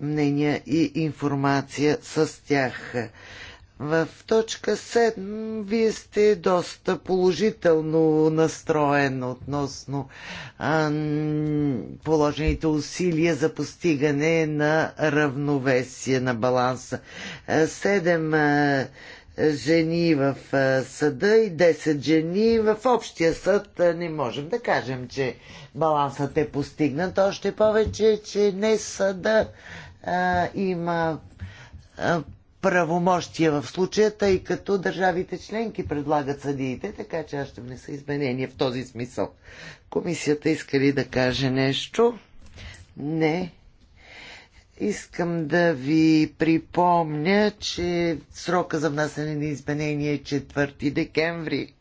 мнения и информация с тях. В точка 7 вие сте доста положително настроен относно а, положените усилия за постигане на равновесие, на баланса. Седем жени в а, съда и 10 жени в общия съд. А, не можем да кажем, че балансът е постигнат. Още повече, че не съда а, има правомощия в случая, тъй като държавите членки предлагат съдиите, така че аз ще внеса изменения в този смисъл. Комисията иска ли да каже нещо? Не. Искам да ви припомня, че срока за внасяне на изменение е 4 декември.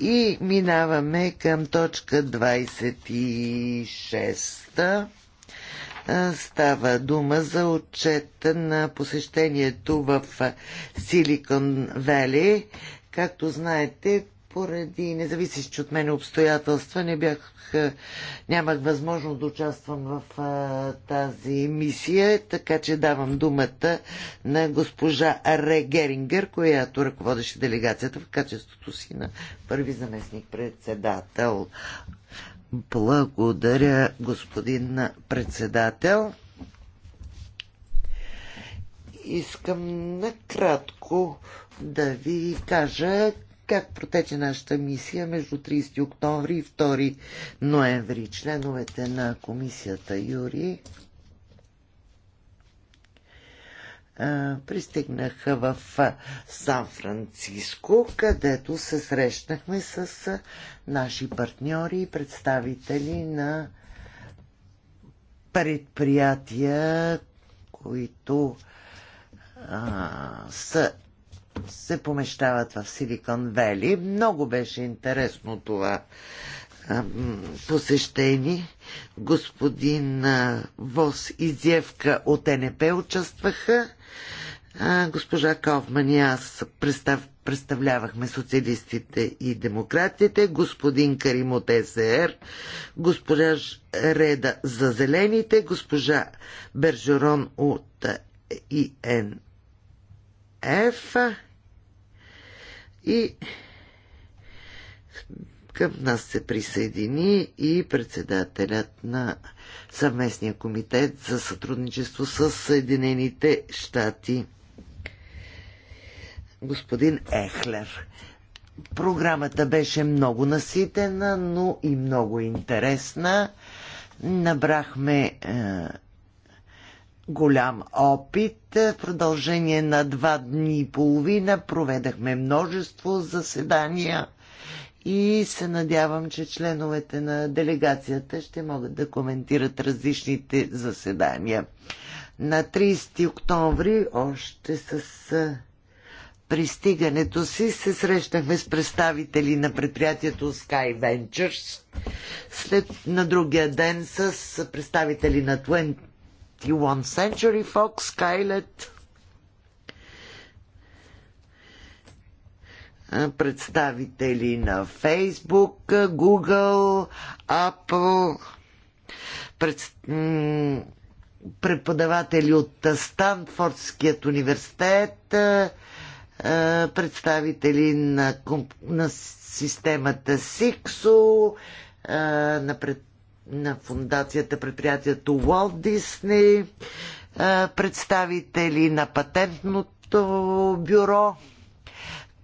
И минаваме към точка 26. Става дума за отчета на посещението в Силикон Вели. Както знаете, поради независещи от мен обстоятелства не бях, нямах възможност да участвам в а, тази мисия, така че давам думата на госпожа Ре Герингер, която ръководеше делегацията в качеството си на първи заместник председател. Благодаря, господин председател. Искам накратко да ви кажа как протече нашата мисия между 30 октомври и 2 ноември. Членовете на комисията Юри пристигнаха в Сан Франциско, където се срещнахме с наши партньори и представители на предприятия, които а, са, се помещават в Силикон Вели. Много беше интересно това посещени. Господин Вос и Зевка от НП участваха. Госпожа Ковман и аз представ, представлявахме социалистите и демократите, господин Карим от СР, госпожа Реда за зелените, госпожа Бержерон от ИНФ и към нас се присъедини и председателят на съвместния комитет за сътрудничество с Съединените щати, господин Ехлер. Програмата беше много наситена, но и много интересна. Набрахме е, голям опит. В продължение на два дни и половина проведахме множество заседания – и се надявам, че членовете на делегацията ще могат да коментират различните заседания. На 30 октомври, още с пристигането си, се срещнахме с представители на предприятието Sky Ventures, след на другия ден с представители на 21 Century Fox, Skylet представители на Facebook, Google, Apple, пред, преподаватели от Станфордският университет, представители на, на системата Сиксо, на, пред, на фундацията предприятието Walt Disney, представители на патентното бюро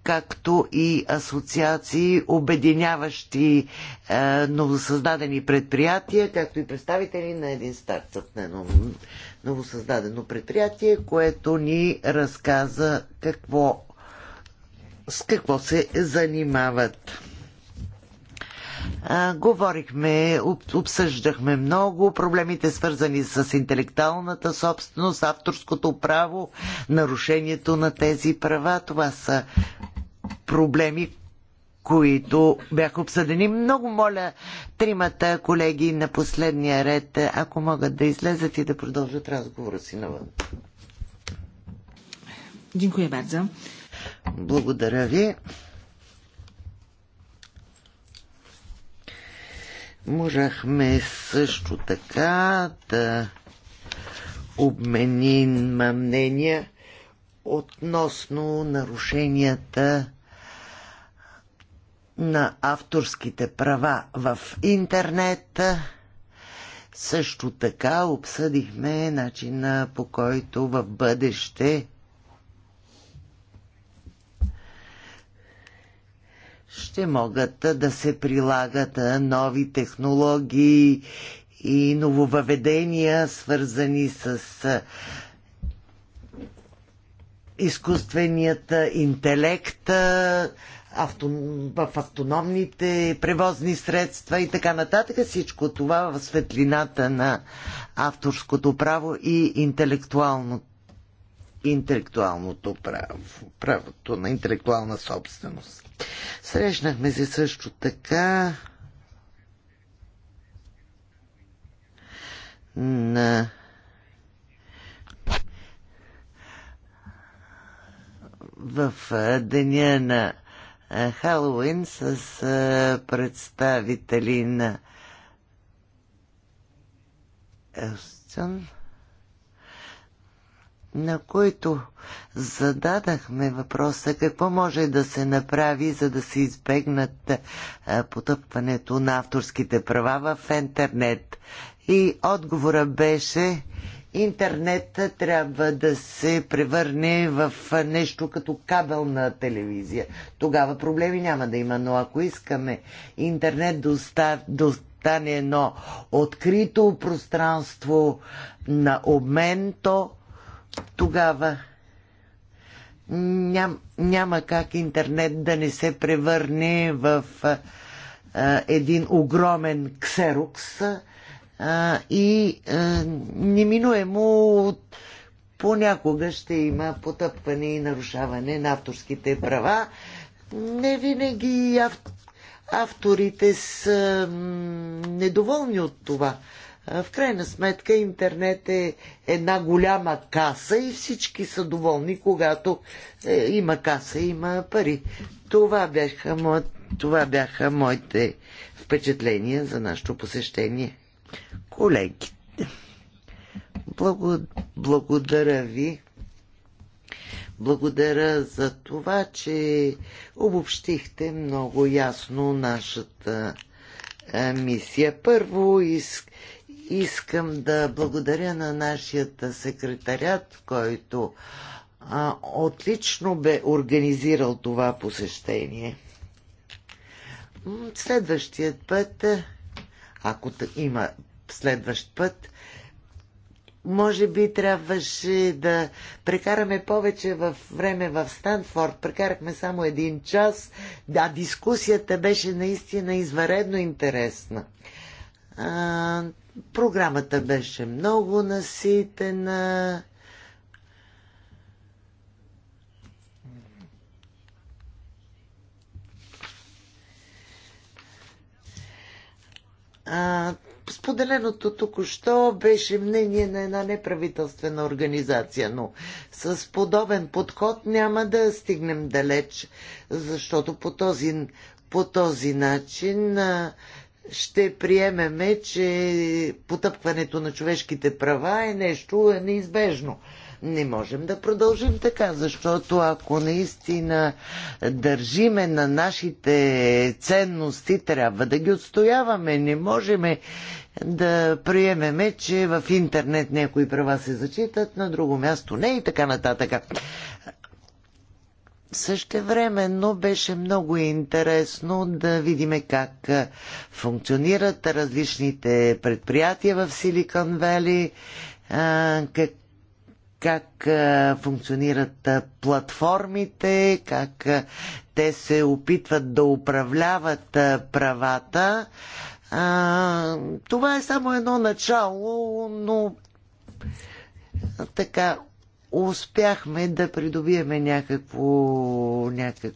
както и асоциации, обединяващи е, новосъздадени предприятия, както и представители на един стартъп на едно новосъздадено предприятие, което ни разказа какво, с какво се занимават. А, говорихме, обсъждахме много проблемите свързани с интелектуалната собственост, авторското право, нарушението на тези права. Това са проблеми, които бяха обсъдени. Много моля тримата колеги на последния ред, ако могат да излезат и да продължат разговора си навън. Дякую бързо. Благодаря ви. Можахме също така да обменим мнения относно нарушенията на авторските права в интернет. Също така обсъдихме начина по който в бъдеще ще могат да се прилагат нови технологии и нововъведения, свързани с изкуственият интелект, авто, в автономните превозни средства и така нататък. Всичко това в светлината на авторското право и интелектуалното интелектуалното право, правото на интелектуална собственост. Срещнахме се също така на в деня на е, Халуин с е, представители на Елстън, на които зададахме въпроса какво може да се направи, за да се избегнат е, потъпването на авторските права в интернет. И отговора беше, интернет трябва да се превърне в нещо като кабелна телевизия. Тогава проблеми няма да има, но ако искаме интернет да, остане едно открито пространство на обмен, то тогава ням, няма как интернет да не се превърне в а, един огромен ксерокс, а, а, и а, неминуемо понякога ще има потъпване и нарушаване на авторските права. Не винаги ав... авторите са недоволни от това. В крайна сметка интернет е една голяма каса и всички са доволни, когато е, има каса, има пари. Това бяха, мо... това бяха моите впечатления за нашето посещение. Колеги, благодаря ви. Благодаря за това, че обобщихте много ясно нашата е, мисия. Първо иск, искам да благодаря на нашия секретарят, който а, отлично бе организирал това посещение. Следващият път ако има следващ път, може би трябваше да прекараме повече в време в Станфорд. Прекарахме само един час. Да, дискусията беше наистина изваредно интересна. А, програмата беше много наситена. А, споделеното току-що беше мнение на една неправителствена организация, но с подобен подход няма да стигнем далеч, защото по този, по този начин а, ще приемеме, че потъпкването на човешките права е нещо неизбежно. Не можем да продължим така, защото ако наистина държиме на нашите ценности, трябва да ги отстояваме. Не можем да приемеме, че в интернет някои права се зачитат, на друго място не и така нататък. Същевременно беше много интересно да видим как функционират различните предприятия в Силикон Вели, как, как функционират платформите, как те се опитват да управляват правата. това е само едно начало, но така успяхме да придобиеме някакво, някакво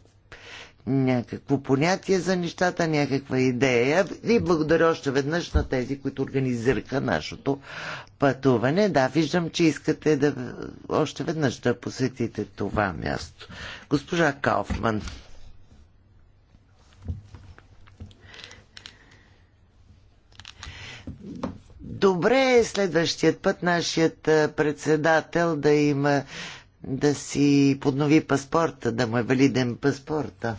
някакво понятие за нещата, някаква идея. И благодаря още веднъж на тези, които организираха нашето пътуване. Да, виждам, че искате да още веднъж да посетите това място. Госпожа Кауфман. Добре е следващият път нашият председател да има да си поднови паспорта, да му е валиден паспорта.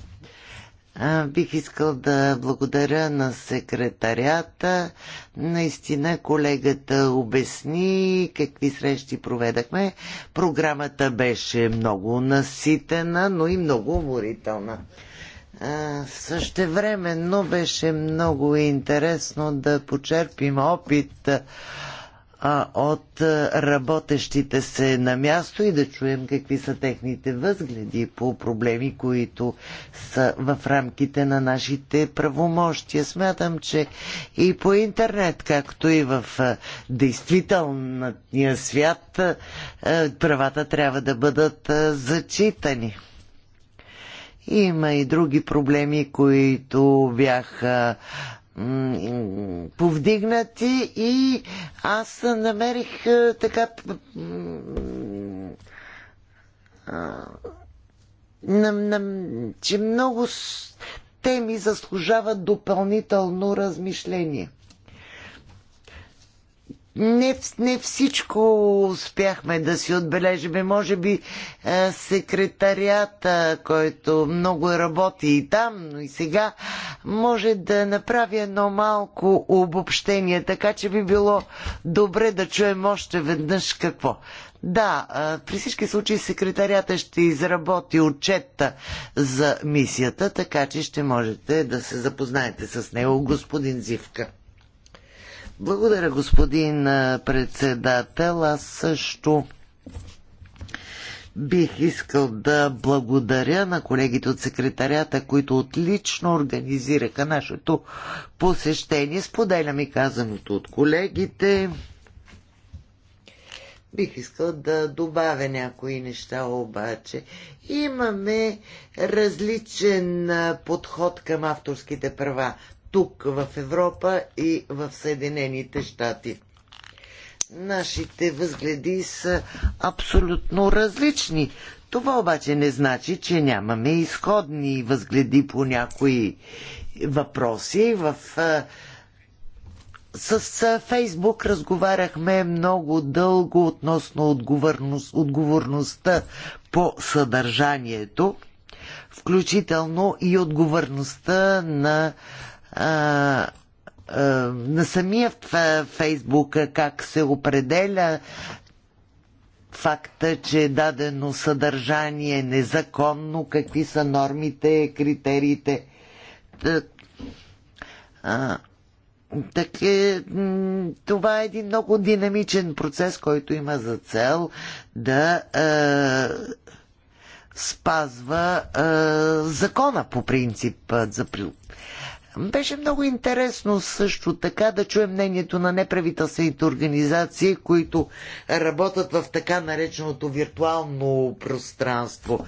Бих искал да благодаря на секретарята. Наистина колегата обясни какви срещи проведахме. Програмата беше много наситена, но и много уморителна. Същевременно беше много интересно да почерпим опит а, от работещите се на място и да чуем какви са техните възгледи по проблеми, които са в рамките на нашите правомощия. Смятам, че и по интернет, както и в действителния свят, правата трябва да бъдат зачитани. Има и други проблеми, които бяха повдигнати и аз намерих така че много теми заслужават допълнително размишление не, не всичко успяхме да си отбележиме. Може би е, секретарията, който много работи и там, но и сега, може да направи едно малко обобщение, така че би било добре да чуем още веднъж какво. Да, е, при всички случаи секретарията ще изработи отчета за мисията, така че ще можете да се запознаете с него, господин Зивка. Благодаря, господин председател. Аз също бих искал да благодаря на колегите от секретарята, които отлично организираха нашето посещение. Споделям и казаното от колегите. Бих искал да добавя някои неща обаче. Имаме различен подход към авторските права тук в Европа и в Съединените щати. Нашите възгледи са абсолютно различни. Това обаче не значи, че нямаме изходни възгледи по някои въпроси. В, с Фейсбук разговаряхме много дълго относно отговорност, отговорността по съдържанието, включително и отговорността на на самия Фейсбук как се определя факта, че е дадено съдържание е незаконно, какви са нормите, критериите. Така, е, това е един много динамичен процес, който има за цел да е, спазва е, закона по принцип за беше много интересно също така да чуем мнението на неправителствените организации, които работят в така нареченото виртуално пространство.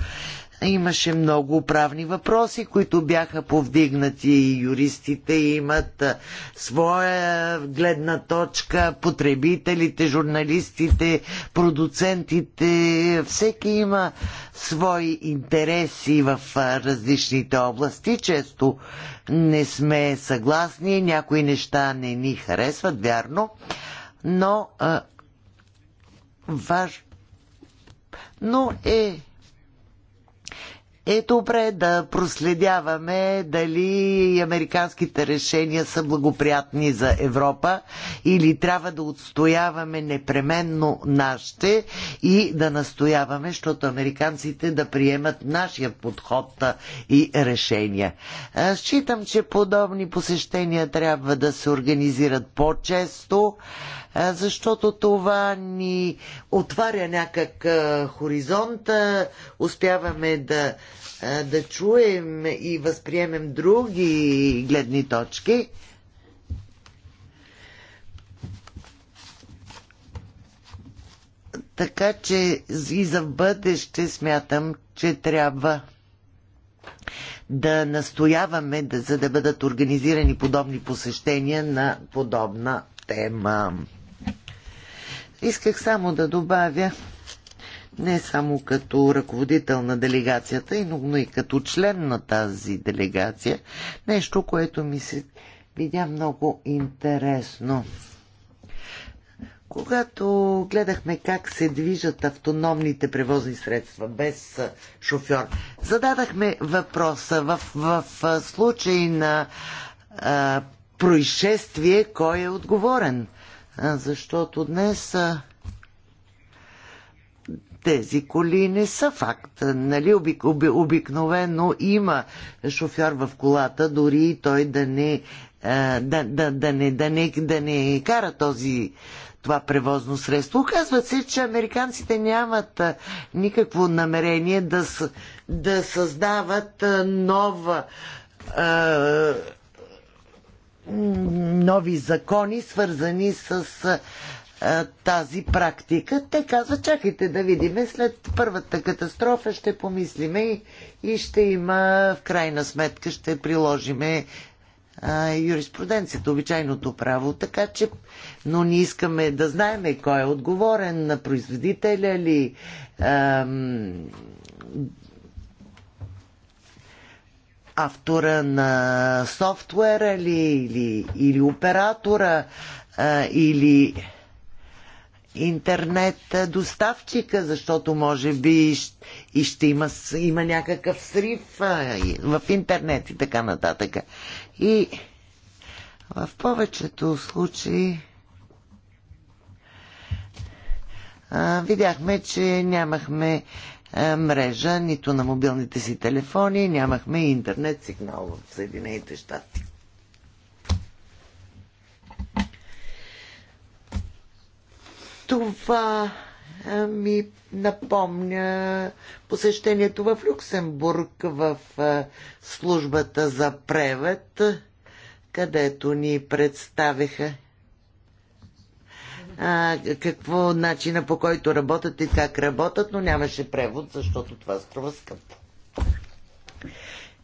Имаше много правни въпроси, които бяха повдигнати и юристите имат своя гледна точка, потребителите, журналистите, продуцентите, всеки има свои интереси в различните области. Често не сме съгласни, някои неща не ни харесват, вярно, но а, важ... но е е добре да проследяваме дали американските решения са благоприятни за Европа или трябва да отстояваме непременно нашите и да настояваме, защото американците да приемат нашия подход и решения. Считам, че подобни посещения трябва да се организират по-често защото това ни отваря някак хоризонта, успяваме да, да чуем и възприемем други гледни точки. Така че и за бъдеще смятам, че трябва да настояваме, да, за да бъдат организирани подобни посещения на подобна тема. Исках само да добавя, не само като ръководител на делегацията, но и като член на тази делегация, нещо, което ми се видя много интересно. Когато гледахме как се движат автономните превозни средства без шофьор, зададахме въпроса в, в, в случай на а, происшествие кой е отговорен защото днес тези коли не са факт. Нали, обик, оби, обикновено има шофьор в колата, дори и той да не, да, да, да, не, да, не, да не кара този, това превозно средство. Оказва се, че американците нямат никакво намерение да, да създават нова нови закони, свързани с тази практика. Те казват, чакайте да видиме, след първата катастрофа ще помислиме и, и ще има, в крайна сметка, ще приложиме а, юриспруденцията, обичайното право. Така че, но не искаме да знаеме кой е отговорен на производителя ли, А, автора на софтуера ли, или, или оператора, а, или интернет доставчика, защото може би и ще има, има някакъв срив а, в интернет и така нататък. И в повечето случаи а, видяхме, че нямахме е, мрежа, нито на мобилните си телефони, нямахме интернет сигнал в Съединените щати. Това е, ми напомня посещението в Люксембург в е, службата за превед, където ни представиха а, какво начина по който работят и как работят, но нямаше превод, защото това струва скъпо.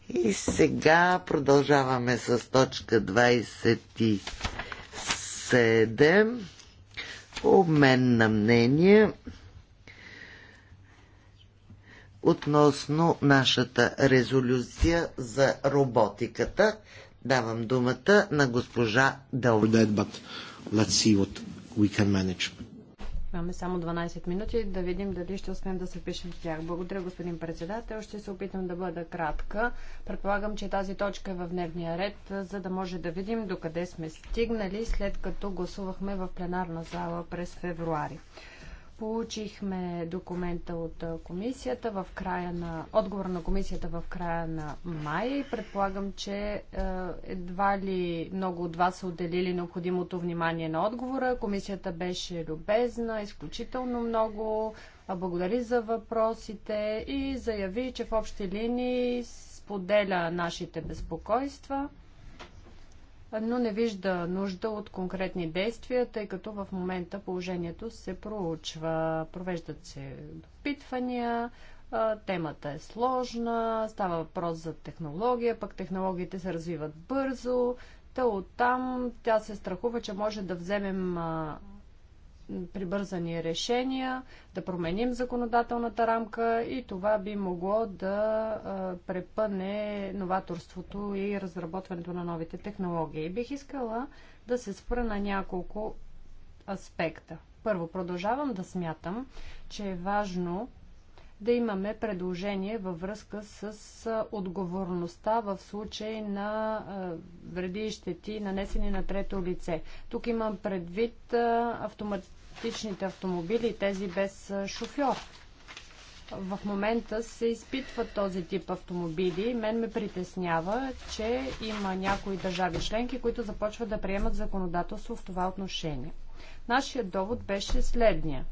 И сега продължаваме с точка 27. Обмен на мнение относно нашата резолюция за роботиката. Давам думата на госпожа what we can manage. Имаме само 12 минути да видим дали ще успеем да се пишем в тях. Благодаря, господин председател. Ще се опитам да бъда кратка. Предполагам, че тази точка е в дневния ред, за да може да видим докъде сме стигнали, след като гласувахме в пленарна зала през февруари. Получихме документа от комисията в края на отговор на комисията в края на май. Предполагам, че едва ли много от вас са отделили необходимото внимание на отговора. Комисията беше любезна, изключително много. Благодари за въпросите и заяви, че в общи линии споделя нашите безпокойства но не вижда нужда от конкретни действия, тъй като в момента положението се проучва. Провеждат се допитвания, темата е сложна, става въпрос за технология, пък технологиите се развиват бързо, та оттам тя се страхува, че може да вземем прибързани решения, да променим законодателната рамка и това би могло да препъне новаторството и разработването на новите технологии. Бих искала да се спра на няколко аспекта. Първо, продължавам да смятам, че е важно да имаме предложение във връзка с отговорността в случай на вреди и щети, нанесени на трето лице. Тук имам предвид автоматичните автомобили тези без шофьор. В момента се изпитват този тип автомобили. Мен ме притеснява, че има някои държави членки, които започват да приемат законодателство в това отношение. Нашият довод беше следния.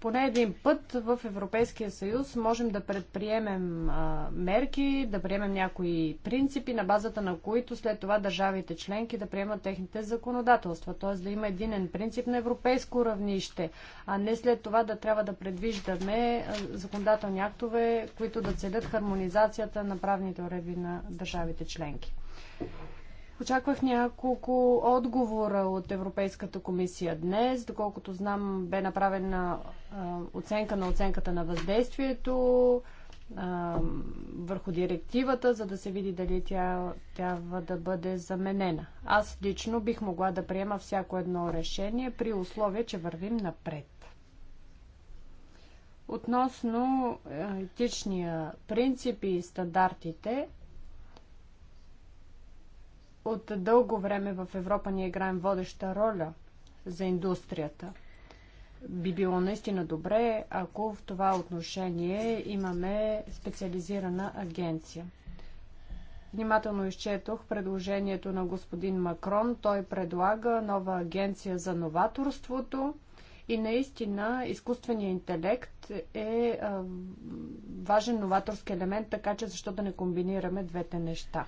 поне един път в Европейския съюз можем да предприемем а, мерки, да приемем някои принципи, на базата на които след това държавите членки да приемат техните законодателства. Т.е. да има единен принцип на европейско равнище, а не след това да трябва да предвиждаме законодателни актове, които да целят хармонизацията на правните уреди на държавите членки. Очаквах няколко отговора от Европейската комисия днес. Доколкото знам, бе направена оценка на оценката на въздействието върху директивата, за да се види дали тя трябва да бъде заменена. Аз лично бих могла да приема всяко едно решение при условие, че вървим напред. Относно е, етичния принцип и стандартите, от дълго време в Европа ние играем водеща роля за индустрията. Би било наистина добре, ако в това отношение имаме специализирана агенция. Внимателно изчетох предложението на господин Макрон. Той предлага нова агенция за новаторството. И наистина изкуственият интелект е а, важен новаторски елемент, така че защо да не комбинираме двете неща.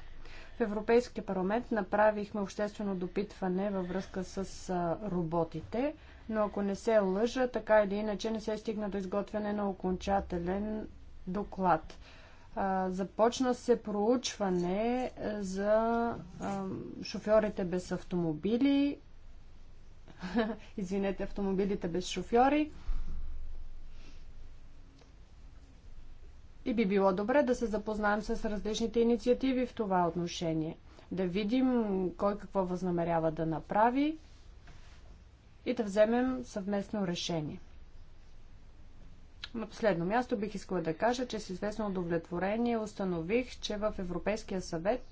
В Европейския парламент направихме обществено допитване във връзка с роботите, но ако не се лъжа, така или иначе не се стигна до изготвяне на окончателен доклад. Започна се проучване е, за шофьорите без автомобили, извинете, автомобилите без шофьори. И би било добре да се запознаем с различните инициативи в това отношение. Да видим кой какво възнамерява да направи и да вземем съвместно решение. На последно място бих искала да кажа, че с известно удовлетворение установих, че в Европейския съвет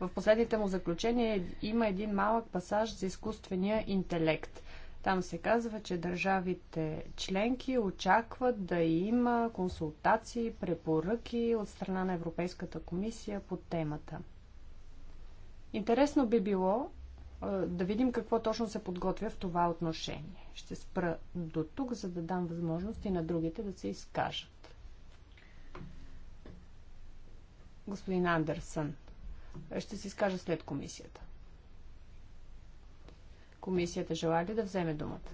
в последните му заключения има един малък пасаж за изкуствения интелект. Там се казва, че държавите членки очакват да има консултации, препоръки от страна на Европейската комисия по темата. Интересно би било да видим какво точно се подготвя в това отношение. Ще спра до тук, за да дам възможност и на другите да се изкажат. Господин Андерсън, ще се изкажа след комисията. Комисията желая ли да вземе думата?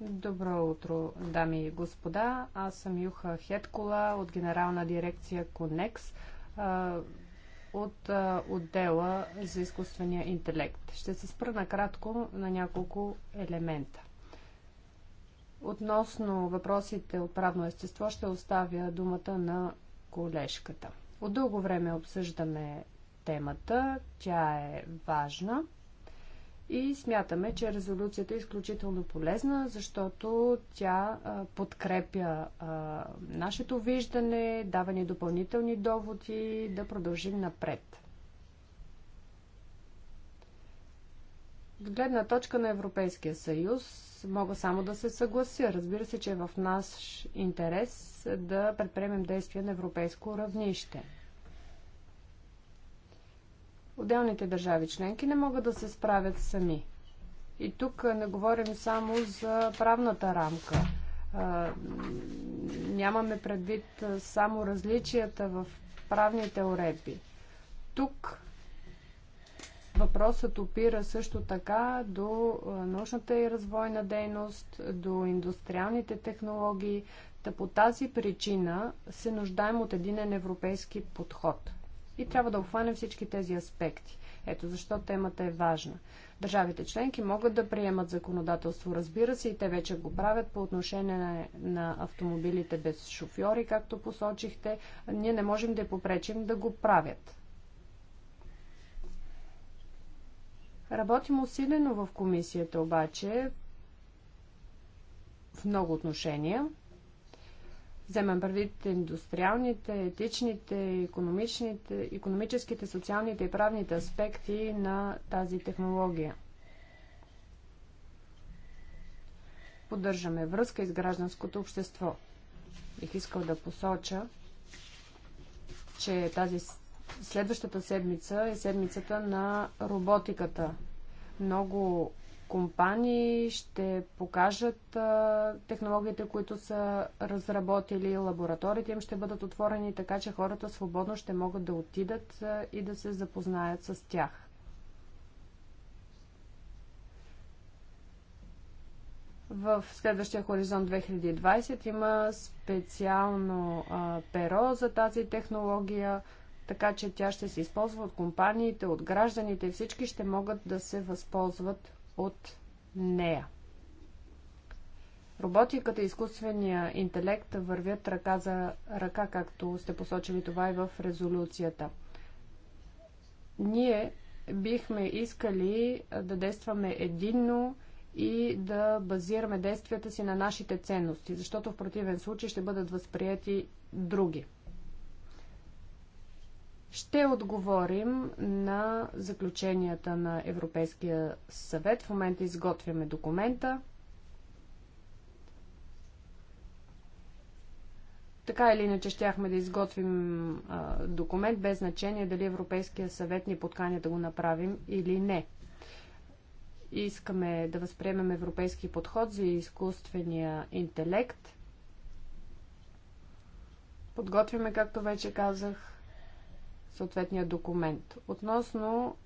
Добро утро, дами и господа. Аз съм Юха Хеткола от Генерална дирекция Конекс от отдела за изкуствения интелект. Ще се спра накратко на няколко елемента. Относно въпросите от правно естество ще оставя думата на колежката. От дълго време обсъждаме темата. Тя е важна. И смятаме, че резолюцията е изключително полезна, защото тя подкрепя нашето виждане, дава ни допълнителни доводи да продължим напред. От гледна точка на Европейския съюз мога само да се съглася. Разбира се, че е в наш интерес да предприемем действия на европейско равнище – Отделните държави членки не могат да се справят сами. И тук не говорим само за правната рамка. Нямаме предвид само различията в правните уредби. Тук Въпросът опира също така до научната и развойна дейност, до индустриалните технологии. Та по тази причина се нуждаем от един европейски подход и трябва да обхванем всички тези аспекти. Ето защо темата е важна. Държавите членки могат да приемат законодателство, разбира се, и те вече го правят по отношение на, на автомобилите без шофьори, както посочихте. Ние не можем да попречим да го правят. Работим усилено в комисията обаче в много отношения вземем предвид индустриалните, етичните, економичните, економическите, социалните и правните аспекти на тази технология. Поддържаме връзка из гражданското общество. Бих искал да посоча, че тази следващата седмица е седмицата на роботиката. Много компании ще покажат а, технологиите, които са разработили, лабораториите им ще бъдат отворени, така че хората свободно ще могат да отидат а, и да се запознаят с тях. В следващия хоризонт 2020 има специално а, перо за тази технология, така че тя ще се използва от компаниите, от гражданите, всички ще могат да се възползват от нея. Роботиката и изкуствения интелект вървят ръка за ръка, както сте посочили това и е в резолюцията. Ние бихме искали да действаме единно и да базираме действията си на нашите ценности, защото в противен случай ще бъдат възприяти други ще отговорим на заключенията на Европейския съвет. В момента изготвяме документа. Така или иначе щяхме да изготвим а, документ без значение дали Европейския съвет ни подканя да го направим или не. Искаме да възприемем европейски подход за изкуствения интелект. Подготвяме, както вече казах, съответния документ. Относно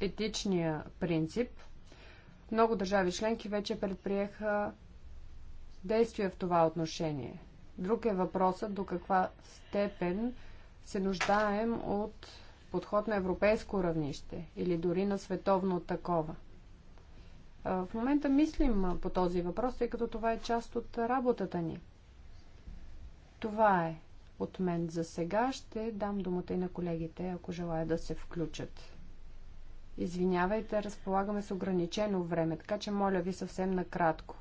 етичния принцип, много държави членки вече предприеха действия в това отношение. Друг е въпросът до каква степен се нуждаем от подход на европейско равнище или дори на световно такова. В момента мислим по този въпрос, тъй като това е част от работата ни. Това е от мен за сега. Ще дам думата и на колегите, ако желая да се включат. Извинявайте, разполагаме с ограничено време, така че моля ви съвсем накратко.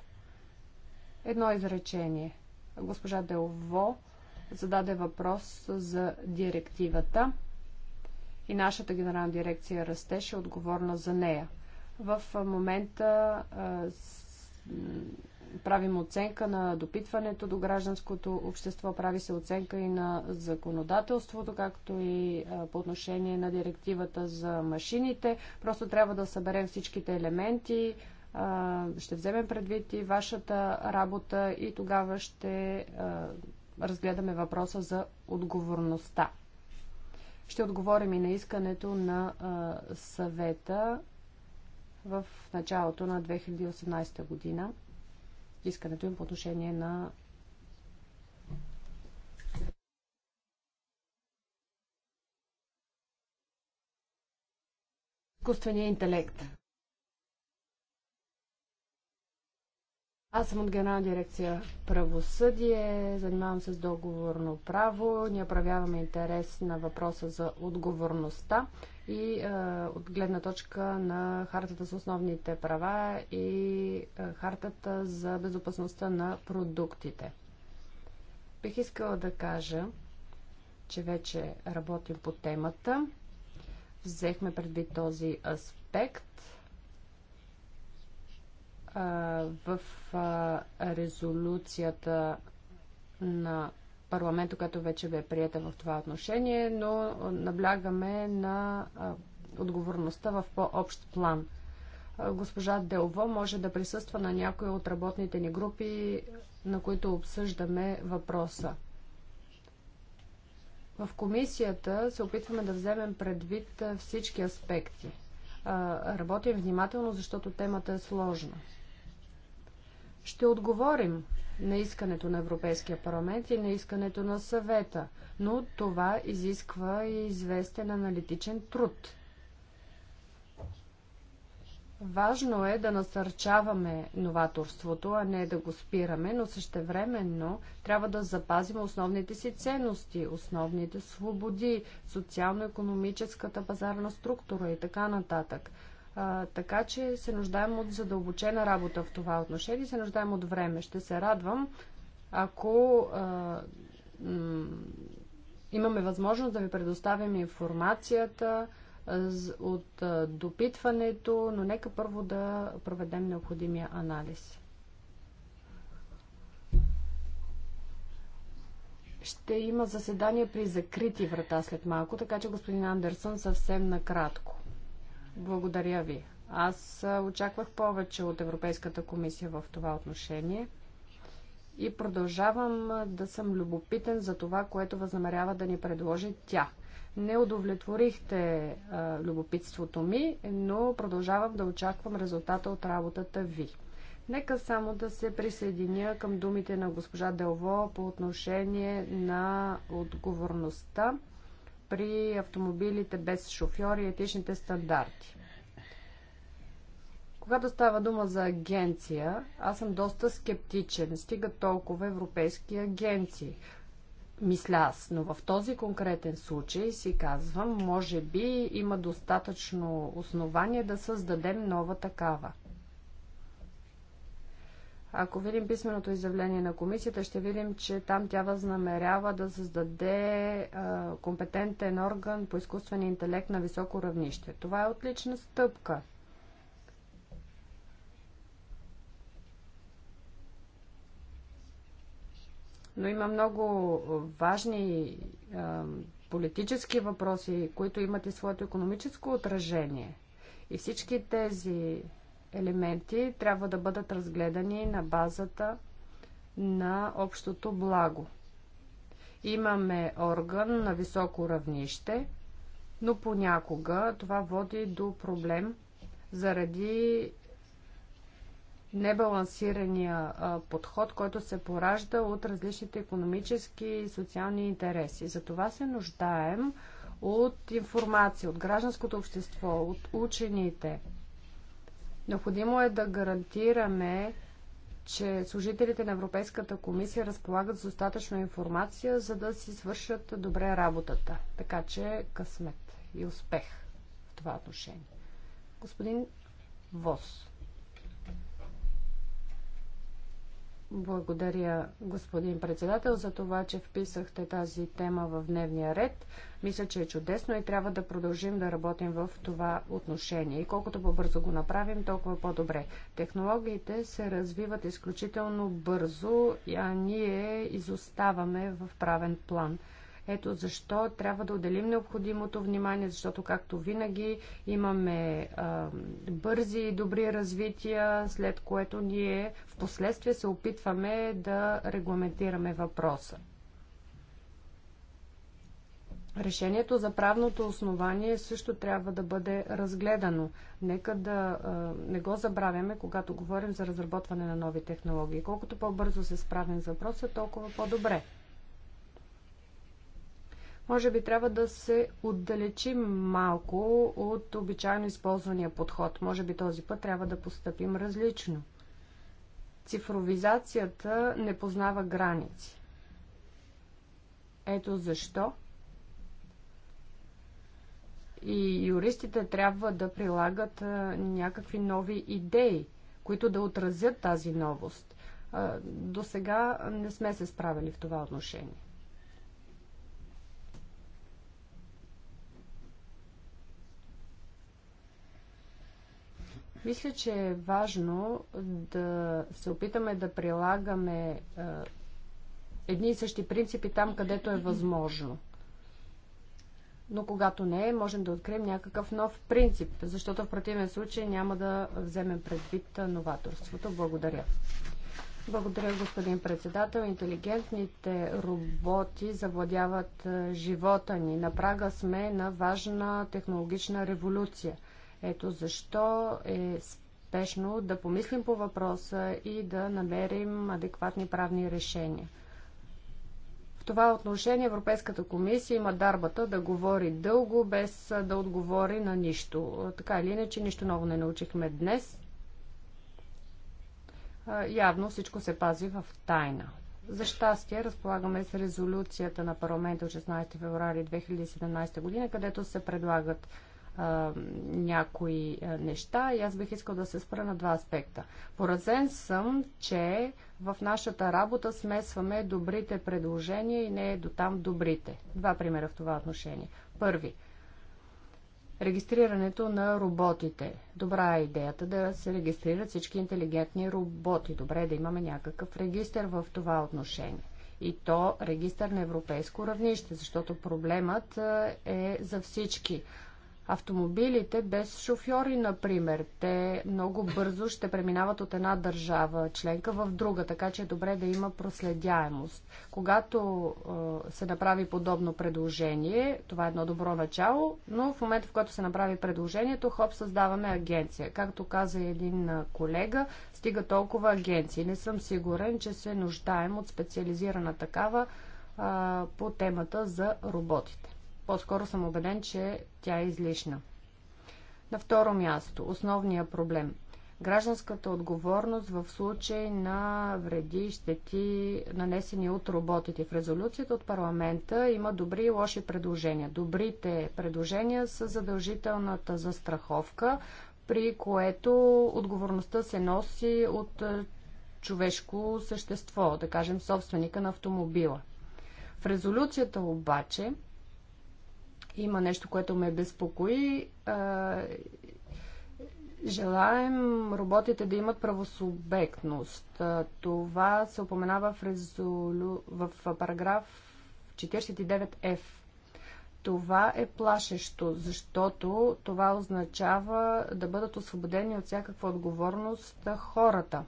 Едно изречение. Госпожа Делво зададе въпрос за директивата и нашата генерална дирекция Растеше е отговорна за нея. В момента правим оценка на допитването до гражданското общество, прави се оценка и на законодателството, както и по отношение на директивата за машините. Просто трябва да съберем всичките елементи, ще вземем предвид и вашата работа и тогава ще разгледаме въпроса за отговорността. Ще отговорим и на искането на съвета в началото на 2018 година искането им по отношение на изкуствения интелект. Аз съм от Генерална дирекция правосъдие, занимавам се с договорно право, ние правяваме интерес на въпроса за отговорността и а, от гледна точка на хартата за основните права и а, хартата за безопасността на продуктите. Бих искала да кажа, че вече работим по темата. Взехме предвид този аспект а, в а, резолюцията на парламента, която вече бе приета в това отношение, но наблягаме на отговорността в по-общ план. Госпожа Делво може да присъства на някои от работните ни групи, на които обсъждаме въпроса. В комисията се опитваме да вземем предвид всички аспекти. Работим внимателно, защото темата е сложна. Ще отговорим на искането на Европейския парламент и на искането на съвета, но това изисква и известен аналитичен труд. Важно е да насърчаваме новаторството, а не да го спираме, но същевременно трябва да запазим основните си ценности, основните свободи, социално-економическата пазарна структура и така нататък. А, така че се нуждаем от задълбочена работа в това отношение, се нуждаем от време. Ще се радвам, ако а, имаме възможност да ви предоставим информацията а, от а, допитването, но нека първо да проведем необходимия анализ. ще има заседание при закрити врата след малко, така че господин Андерсон съвсем накратко. Благодаря ви. Аз очаквах повече от Европейската комисия в това отношение и продължавам да съм любопитен за това, което възнамерява да ни предложи тя. Не удовлетворихте а, любопитството ми, но продължавам да очаквам резултата от работата ви. Нека само да се присъединя към думите на госпожа Делво по отношение на отговорността при автомобилите без шофьори и етичните стандарти. Когато става дума за агенция, аз съм доста скептичен. Стига толкова европейски агенции. Мисля аз, но в този конкретен случай си казвам, може би има достатъчно основание да създадем нова такава. Ако видим писменото изявление на комисията, ще видим, че там тя възнамерява да създаде компетентен орган по изкуствен интелект на високо равнище. Това е отлична стъпка. но има много важни политически въпроси, които имат и своето економическо отражение. И всички тези елементи трябва да бъдат разгледани на базата на общото благо. Имаме орган на високо равнище, но понякога това води до проблем заради небалансирания подход, който се поражда от различните економически и социални интереси. Затова се нуждаем от информация, от гражданското общество, от учените – Необходимо е да гарантираме, че служителите на Европейската комисия разполагат с достатъчно информация, за да си свършат добре работата. Така че късмет и успех в това отношение. Господин Вос. Благодаря, господин председател, за това, че вписахте тази тема в дневния ред. Мисля, че е чудесно и трябва да продължим да работим в това отношение. И колкото по-бързо го направим, толкова по-добре. Технологиите се развиват изключително бързо, а ние изоставаме в правен план. Ето защо трябва да отделим необходимото внимание, защото както винаги имаме а, бързи и добри развития, след което ние в последствие се опитваме да регламентираме въпроса. Решението за правното основание също трябва да бъде разгледано. Нека да а, не го забравяме, когато говорим за разработване на нови технологии. Колкото по-бързо се справим с въпроса, толкова по-добре. Може би трябва да се отдалечим малко от обичайно използвания подход. Може би този път трябва да постъпим различно. Цифровизацията не познава граници. Ето защо и юристите трябва да прилагат някакви нови идеи, които да отразят тази новост. До сега не сме се справили в това отношение. Мисля, че е важно да се опитаме да прилагаме едни и същи принципи там, където е възможно. Но когато не е, можем да открием някакъв нов принцип, защото в противен случай няма да вземем предвид новаторството. Благодаря. Благодаря, господин председател. Интелигентните роботи завладяват живота ни. На прага сме на важна технологична революция – ето защо е спешно да помислим по въпроса и да намерим адекватни правни решения. В това отношение Европейската комисия има дарбата да говори дълго, без да отговори на нищо. Така или иначе, нищо ново не научихме днес. Явно всичко се пази в тайна. За щастие, разполагаме с резолюцията на парламента от 16 феврари 2017 година, където се предлагат някои неща и аз бих искал да се спра на два аспекта. Поразен съм, че в нашата работа смесваме добрите предложения и не е до там добрите. Два примера в това отношение. Първи. Регистрирането на роботите. Добра е идеята да се регистрират всички интелигентни роботи. Добре е да имаме някакъв регистр в това отношение и то регистър на европейско равнище, защото проблемът е за всички автомобилите без шофьори, например. Те много бързо ще преминават от една държава членка в друга, така че е добре да има проследяемост. Когато се направи подобно предложение, това е едно добро начало, но в момента, в който се направи предложението, хоп, създаваме агенция. Както каза един колега, стига толкова агенции. Не съм сигурен, че се нуждаем от специализирана такава по темата за роботите. По-скоро съм убеден, че тя е излишна. На второ място, основния проблем. Гражданската отговорност в случай на вреди и щети, нанесени от роботите. В резолюцията от парламента има добри и лоши предложения. Добрите предложения са задължителната застраховка, при което отговорността се носи от е, човешко същество, да кажем собственика на автомобила. В резолюцията обаче има нещо, което ме безпокои. Желаем роботите да имат правосубектност. Това се упоменава в, резолю... в параграф 49F. Това е плашещо, защото това означава да бъдат освободени от всякаква отговорност хората.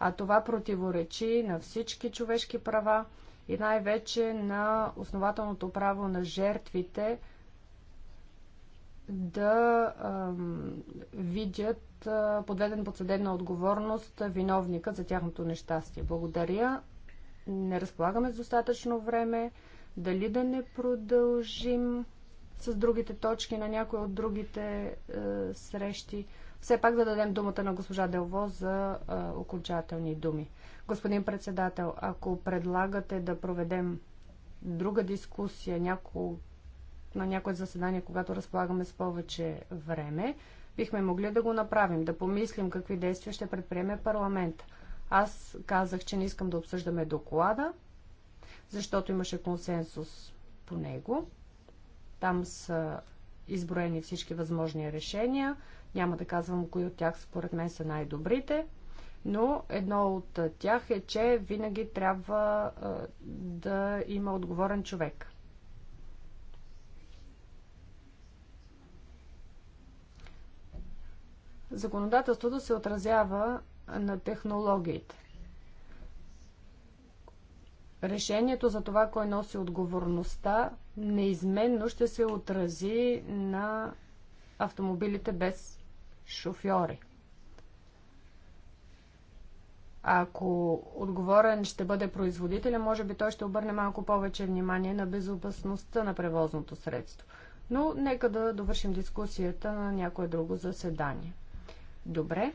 А това противоречи на всички човешки права и най-вече на основателното право на жертвите да ам, видят а, подведен под съдебна отговорност виновника за тяхното нещастие. Благодаря. Не разполагаме с достатъчно време. Дали да не продължим с другите точки на някои от другите е, срещи? Все пак да дадем думата на госпожа Делво за е, окончателни думи. Господин председател, ако предлагате да проведем друга дискусия няко... на някое заседание, когато разполагаме с повече време, бихме могли да го направим, да помислим какви действия ще предприеме парламент. Аз казах, че не искам да обсъждаме доклада, защото имаше консенсус по него. Там са изброени всички възможни решения. Няма да казвам кои от тях според мен са най-добрите но едно от тях е, че винаги трябва да има отговорен човек. Законодателството се отразява на технологиите. Решението за това, кой носи отговорността, неизменно ще се отрази на автомобилите без шофьори. Ако отговорен ще бъде производителя, може би той ще обърне малко повече внимание на безопасността на превозното средство. Но нека да довършим дискусията на някое друго заседание. Добре,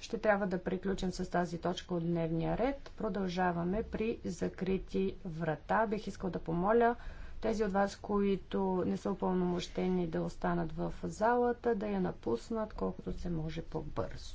ще трябва да приключим с тази точка от дневния ред. Продължаваме при закрити врата. Бих искал да помоля тези от вас, които не са упълномощени да останат в залата, да я напуснат колкото се може по-бързо.